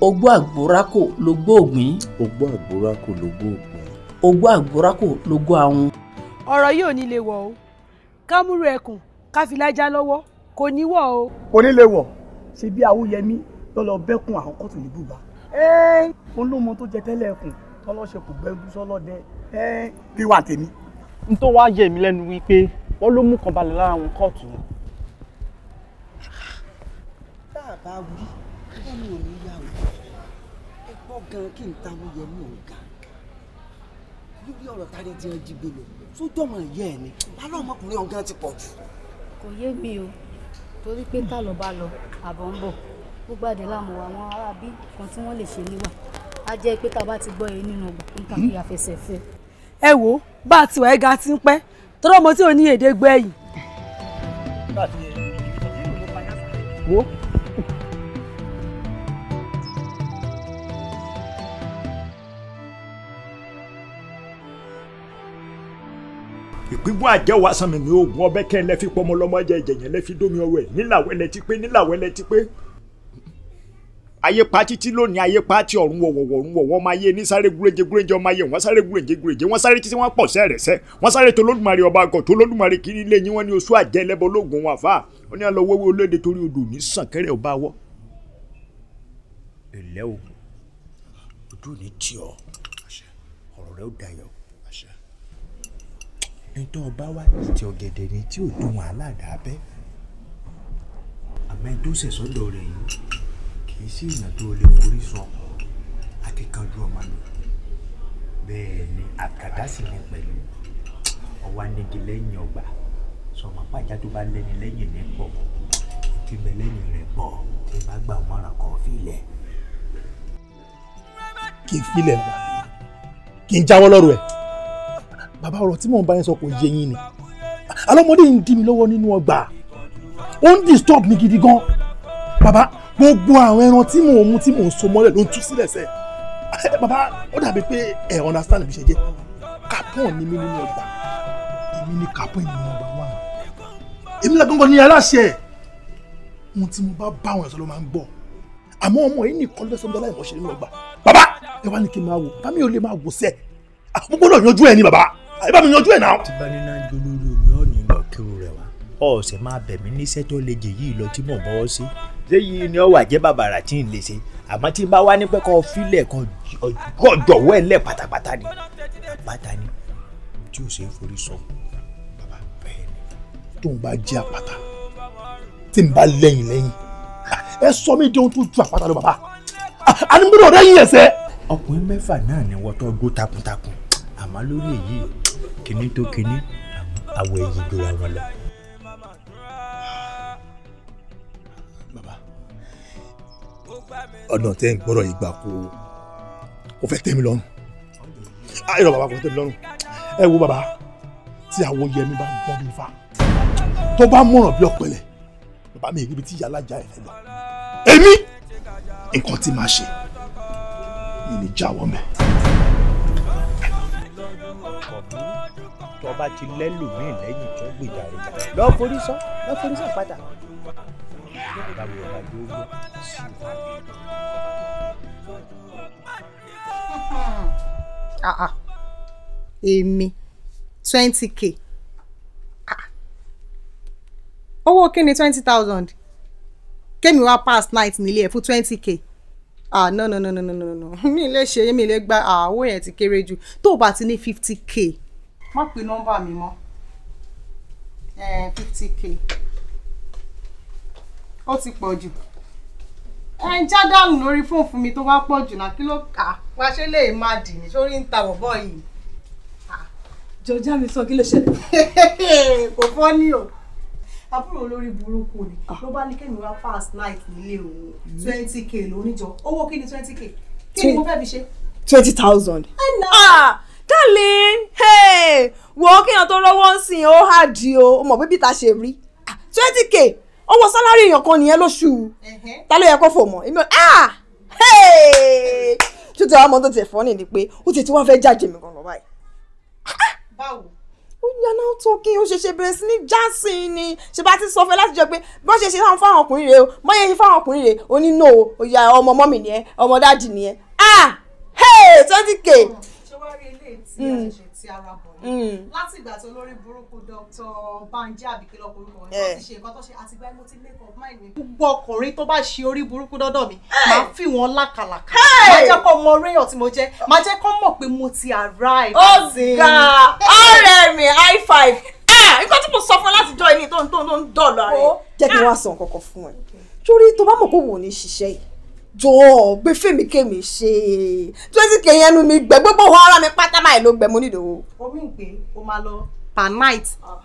ogbó àgbórákò ló gbó ògbìn. ogbó àgbórákò ló gbó ògbìn. ogbó àgbórákò ló gbó ahun. ọ̀rọ̀ yìí ní lè wọ̀ o ká ẹkùn ká lọ́wọ́ kò ní wọ̀ o. kò ní lè wọ̀ ṣe bí awóyẹmí lọ́lọ́ bẹ́kùn àwọn kọ́tù ní bùbá olómo tó jẹ tẹ́lẹ̀ ẹkùn tọ́lọ́ṣẹ kò gbẹ́ngú sọ́lọ́dẹ kí wà tèmi. n tó wá yẹ mí lẹ́nu wípé wọ́n ló mú kan balẹ̀ lára àwọn kóòtù. tá a bá wí wọ́n mi ò ní yá o ẹ gbọ́ gan kí n ta wọ́n yẹ mí ò ga lórí ọ̀rọ̀ tá a lè ti hàn jí gbèlò sójú ọmọ ìyá ẹ̀ ni alọ́ ọmọkùnrin ọ̀gá ti pọ̀ jù. kò yé mi o torí pé tálọ̀ bá lọ àbọ̀ ń bọ̀ ó gbàdé láàmúwa àwọn aráabí kan tí wọ́n lè ṣe níwà á jẹ́ pé tá a bá ti gbọ́ yẹn nínú ọgbà nǹkan fi àfẹsẹ̀ fẹ́. ẹ wo bá a ti wà ẹ́ ga ti ń pẹ́ tọ́lọ́mọ tí ò ní èdè gbẹ̀yìn. wo gbígbọ́n àjẹwà sanmi ní oògùn ọbẹ̀ kẹ́ ẹ lẹ́ fi pọmọ lọ́mọ jẹ ìjẹ̀yẹ̀ lẹ́ fi dómi ọwọ́ ẹ̀ nílàwẹ́ lẹ ti pé nílàwẹ́ lẹ ti pé. ayé pa títí lónìí ayé pa ti ọ̀run wọ̀wọ̀wọ̀ ọ̀run wọ̀wọ̀ ọmọ ayé ní sáré gúréje gúréje ọmọ ayé wọ́n sáré gúréje gúréje wọ́n sáré títí wọ́n pọ̀ sẹ́rẹ̀sẹ́ wọ́n sáré tó lódùmarè ọba àgọ̀ tó lódùmarè kiri ilé yín wọ́n ní oṣù àjẹ́ lẹ́bọ lóògùn wọn àfa ó ní àlọ́ wéwé olóde torí odò ní sàn kẹrẹ ọba wọ́. ẹ̀lẹ́ o ojú ò ní tì ọ́ ọ̀rọ̀ rẹ ó dayọ̀ ẹ̀ńtọ́ ọba wa ti ọ̀gẹ̀dẹ̀ ni tí ò dùn wàhálà dábẹ́ àmọ́ ẹ̀ńtọ́ sẹ̀sọ́dọ̀ rẹ̀ yìí kì í sí ìnà tó lè korí sọ akíkanjú ọmọ mi bẹ́ẹ̀ ni àkàdá sì ní pẹ̀lú ọwọ́ anigi lẹ́yìn ọgbà sọmọ pàjá tó bá lẹ́ni lẹ́yìn ní pọ̀ tí bẹ lẹ́yìn rẹ̀ pọ̀ tí bá gbà mọ́ra kan fílẹ̀. kì í filẹ̀ kì í jáwọ́ lọ́rùn ẹ̀ bàbá ọ̀rọ̀ tí mò ń bá yín sọ kò yé yín ni alọ́mọdé ń dí mi lọ́wọ́ nínú ọgbà ó ń disturb mi gidi gan bàbá gbogbo àwọn ẹran tí mò ń mú tí mò ń so mọ́lẹ̀ ló ń tú sílẹ̀ sẹ́ bàbá ó dàbí pé ẹ understand mi ṣe jẹ́ capon ni mí nínú ọgbà èmi ni capon nínú ọgbà wọn èmi la gbọ́ngàn ní aláṣẹ ohun tí mo bá bá àwọn ẹ̀sọ́ ló máa ń bọ̀ àmọ́ ọmọ yìí nìkan lọ́sọ̀ ń dọ́là ìmọ̀ṣẹ́ nínú ọgbà bàbá ẹ wá ní kí n máa wò bá ò lè máa wò sẹ́ àpòpọ̀ náà yanjú ẹ ní bàbá ẹ bá mi yanjú ẹ̀ náà. tí bá ní náà jolórí omi ọ̀ ní lọ kí o rẹ̀ wá ọ̀sẹ̀ máa bẹ̀ mí níṣẹ́ tó le jè yìí lọ tí mò ń bọ́ sí. sẹ́yìn ni ọ̀wà jẹ́ bàbàrà tí ń lè ṣe àmọ́ tí n bá wá ní pẹ́ kọ́ fílẹ̀ kan jọ̀wọ́ ẹ̀ pátápátá ni pátá ni tí ò ṣe é forí sọ bàbá bẹ́ẹ̀ ni tó ń bá jẹ́ àpáta tí n bá lẹ́yìn lẹ́yìn ẹ sọ mí di ohun tó ju àpáta lọ bàbá àní mi ò rẹ́yìn ẹ̀sẹ̀. ọkùnrin mẹ́fà náà ni wọ́n tó gbó takuntakun àmọ́ lórí èyí kínní tó kínní àwọ̀ ẹ̀yìn jura wọn lọ. bàbá ọ̀nà tẹ́ ń gbọ́dọ̀ ìgbà kó o fẹ́ tẹ́ mi lọ́rùn àìrọ̀ bàbá kò tẹ́ mi lọ́rùn ẹ wo bàbá tí àwọ̀ yẹmi bá gbọ́ mi fa tó bá mọ̀ràn bí ọ̀pẹ̀lẹ̀ bàbá mi ìríbi tí ìyá alájà ẹ̀ fẹ́ lọ èmi nǹkan tí màá ṣe mi ní jáwọ́ mẹ́. tó bá ti lẹ́lòmíì lẹ́yìn tó gbèdàrúdà lọ́ọ́ forí sọ lọ́ọ́ forí sọ padà. báwo la ló lọ sí wa. Ah, ah. èmi twenty k ah. owó kíni twenty thousand kémi wá pass night nílé ẹ̀ fún twenty k ah no no no no no no mi lè ṣe mi lè gba àwọ̀ yẹn ti kéré jù tó o bá ti ní fifty k má pe nọ́mbà mi mọ́ fifty k ó ti pọ̀ jù ẹ ń já dáhùn lórí fóònù fún mi tó wá pọ̀ jù náà kí ló kà wá ṣe lè máa dì ní sórí ń ta bọ̀bọ̀ yìí. jọjá mi sọ kí ló ṣẹlẹ̀. kò fọ́ ní o àbúrò olórí burúkú ni ah. ló bá ní kéèmí wá fast night nílé òun mm-hmm. twenty k lóníjọ owó kí ni twenty k kí ni mo fẹ́ fi ṣe. twenty thousand. ẹ náà. Ah! darling hey, wo kíyàn tó rọ́wọ́ ń sìn ó hà dì o ó mọ̀ pé bíta ṣe rí ah, twenty k owó sálárì èèyàn kan nìyẹn lóṣù ta ló yẹ kó fò mọ́ èmi ah hey, ti àwọn ọmọ tó ti ẹ̀fọ́ nìyí pé ó ti ti wá fẹ́ jáde mi gan lọ báyìí. báwo ó yànnà tókì ó ṣeṣe bẹ̀rẹ̀ sí ní jáàsì ni ṣe bá ti sọ fẹ́ láti jọ pé bó ṣe ṣe fáwọn fáwọn ọkùnrin rèé o bó ṣe ṣe fáwọn ọkùnrin rèé o ní no o ìyá ọmọ mọ́mì nìyẹn ọmọ dáàdì nìyẹn ah hey twenty k oh tí a ṣẹ̀ṣẹ̀ ti ara bọ̀ yìí mm. láti ìgbà tó lórí burúkú Dr. Banji abikele ọkùnrin kan tó eh. ti ṣe nǹkan tó ṣe àtìgbà mo ti make up mind mi. gbogbo ọkùnrin tó bá ṣe orí burúkú dọ́dọ̀ mi eh. máa fi wọn lákàlàkà eh. máa jẹ́ kó mọ réyàn tí mo jẹ́ máa jẹ́ kó mọ̀ pé mo ti arrive. ọ̀gá oh, ọ̀rẹ́ mi high five ah, nǹkan tí mo sọ fún láti jọ ẹni tó ń tó ń dọ̀ lọ rẹ̀. jẹ́ kí wọ́n á sọ nǹkan kan fún ẹ torí tó bá mọ̀ kó wò ní ṣiṣẹ́ yìí jọ̀ọ́ gbé fèmí kèmí ṣe twenty k yẹn nu mi gbẹ gbogbo ohun ara mi pátá báyìí ló gbẹ mo nídòwó. omi ń pè ó máa lọ per night ah,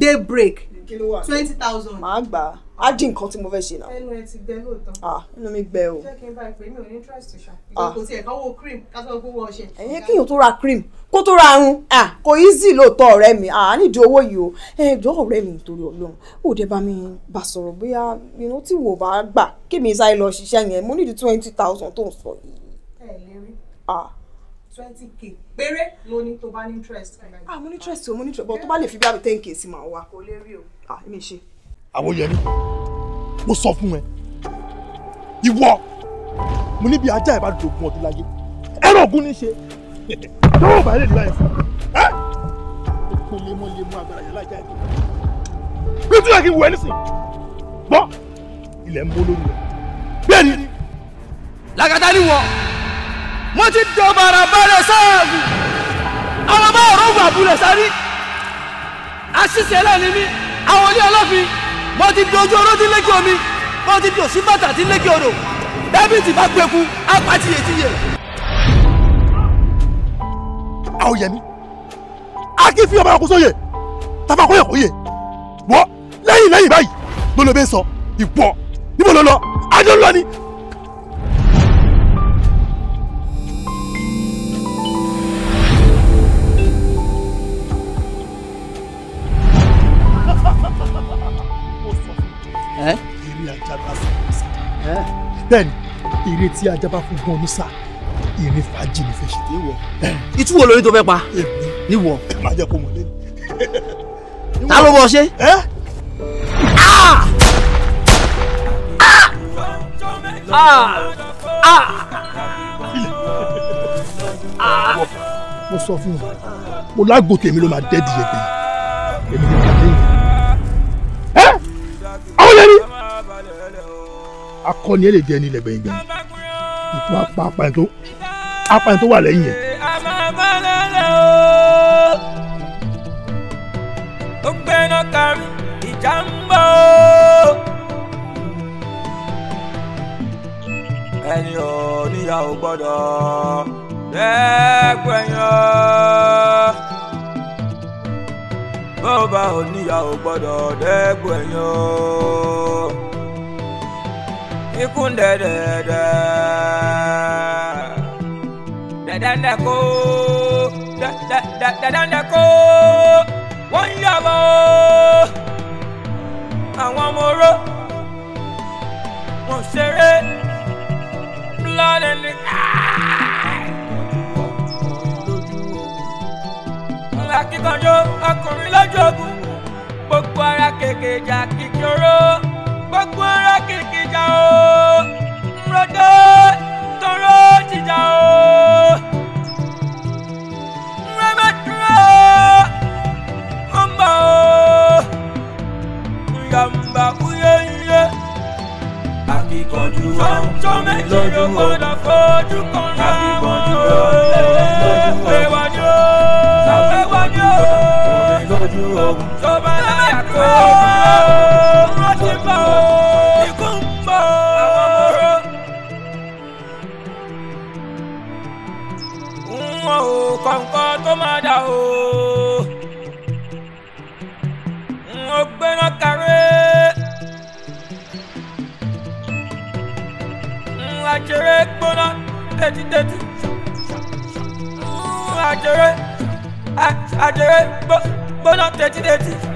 day break kí twenty thousand. màá gbà á á dín nǹkan tí mo fẹ́ ṣe náà. ẹnu ẹ ti gbẹ lóòótọ́. ah inú mi gbẹ o. jẹ́ kí n bá ìpè mi ò ní interest ṣá. kò tiẹ̀ kánwó cream kátó gbówó ọṣẹ. ẹ̀yin kéèyàn tó ra cream kó tó ra ahun ah kò easy lóòótọ́ ọ̀rẹ́ mi ah nídìí owó yìí o ẹ̀jọ́ ọ̀rẹ́ mi nítorí ọlọ́run ó dé bá mi bá sọ̀rọ̀ bóyá inú tí wò bá gbà kémi sáré lọ ṣiṣẹ́ yẹn mo nídìí twenty thousand tó ń sọ yìí. ẹ lè rí. ah twenty k péré ló ní tó bá ní interest. ah mo ní interest o mo ní interest but tó bá lè fi bí àbí ten k sí máa wá. kò lè rí o. ah èmi ṣe. àwọn yẹmi mo sọ fún ẹ ìwọ mo níbi ajá ẹ bá dogun ọdún láyé ẹrọ ògún ní ṣe tọwọ bá lè lọ ẹ fún ẹ kò lè mọ lè mú agbára yẹn lájà ẹ bí tí wọn kì í wọ ẹ nísìn gbọ ilẹ̀ ń bó lórí rẹ bẹ́ẹ̀ ni. làkàtà ni wọ́n mo ti dọ̀bàrà balẹ̀ sáàgùn àwọn bá ọ̀rọ̀ wà bulẹ̀ sáré àṣìṣe lẹ́ni mi àwọn ilé ọlọ́fin mo ti dojú oró tí lékè omi mo ti dò sí bàtà tí lékè odò dábìtì bá gbẹ̀kú apátiyètiyè. àwòyẹmí akí fi ọmọ ọkùnrin sóye tàbá kóyè kóyè wọ lẹ́yìn lẹ́yìn báyìí ló lọ sọ ìpọ níbo ló lọ adé lọ ni bẹ́ẹ̀ni ire tí ajá bá fún gbọn onísà ire fàájì ni fẹ́ ṣe tẹ wọ. itú eh. wo lórí tó fẹ́ pa níwọ. má jẹ́ kó mọ̀ lẹ́nu. ta ló bọ̀ ṣe. Eh? Ah! Ah! Ah! mo sọ fún ọ mo lágbo tèmi ló máa dẹ́ẹ̀dì yẹn gbẹ̀yìn èmi ló máa dẹ́yìn. akọni ẹ lè jẹ ní ilẹ̀ gbẹ̀yìngbẹ̀yìn ikú apá apáyìn tó apáyìn tó wà lẹ́yìn ẹ̀. ẹni ò níyàwó gbọ́dọ̀ dẹ́gbẹ̀yàn bó bá ò níyàwó gbọ́dọ̀ dẹ́gbẹ̀yàn ikún dẹ̀dẹ̀dẹ̀. Dẹ̀dẹ̀dẹ̀ kó dẹ̀dẹ̀dẹ̀ kó wọ́n yàgò àwọn ọmọ oró wọ́n ṣeré lọ́lẹ̀ ní. akíkanjú ọkùnrin lójú ogun gbogbo ara kékeré jà kíkì oró gbogbo ara kékeré tìjà o nrọjọ tọrọ tìjà o nrẹbẹ dúró ó ń bọ̀ o nyàmbá kúyẹyẹ. akíkanjú wa lójú o lójú o akíkanjú wa lójú o lójú o lójú o tó bá yà kó o rántí bá o. tètítètí àjèrè àjèrè gbóná tètítètí.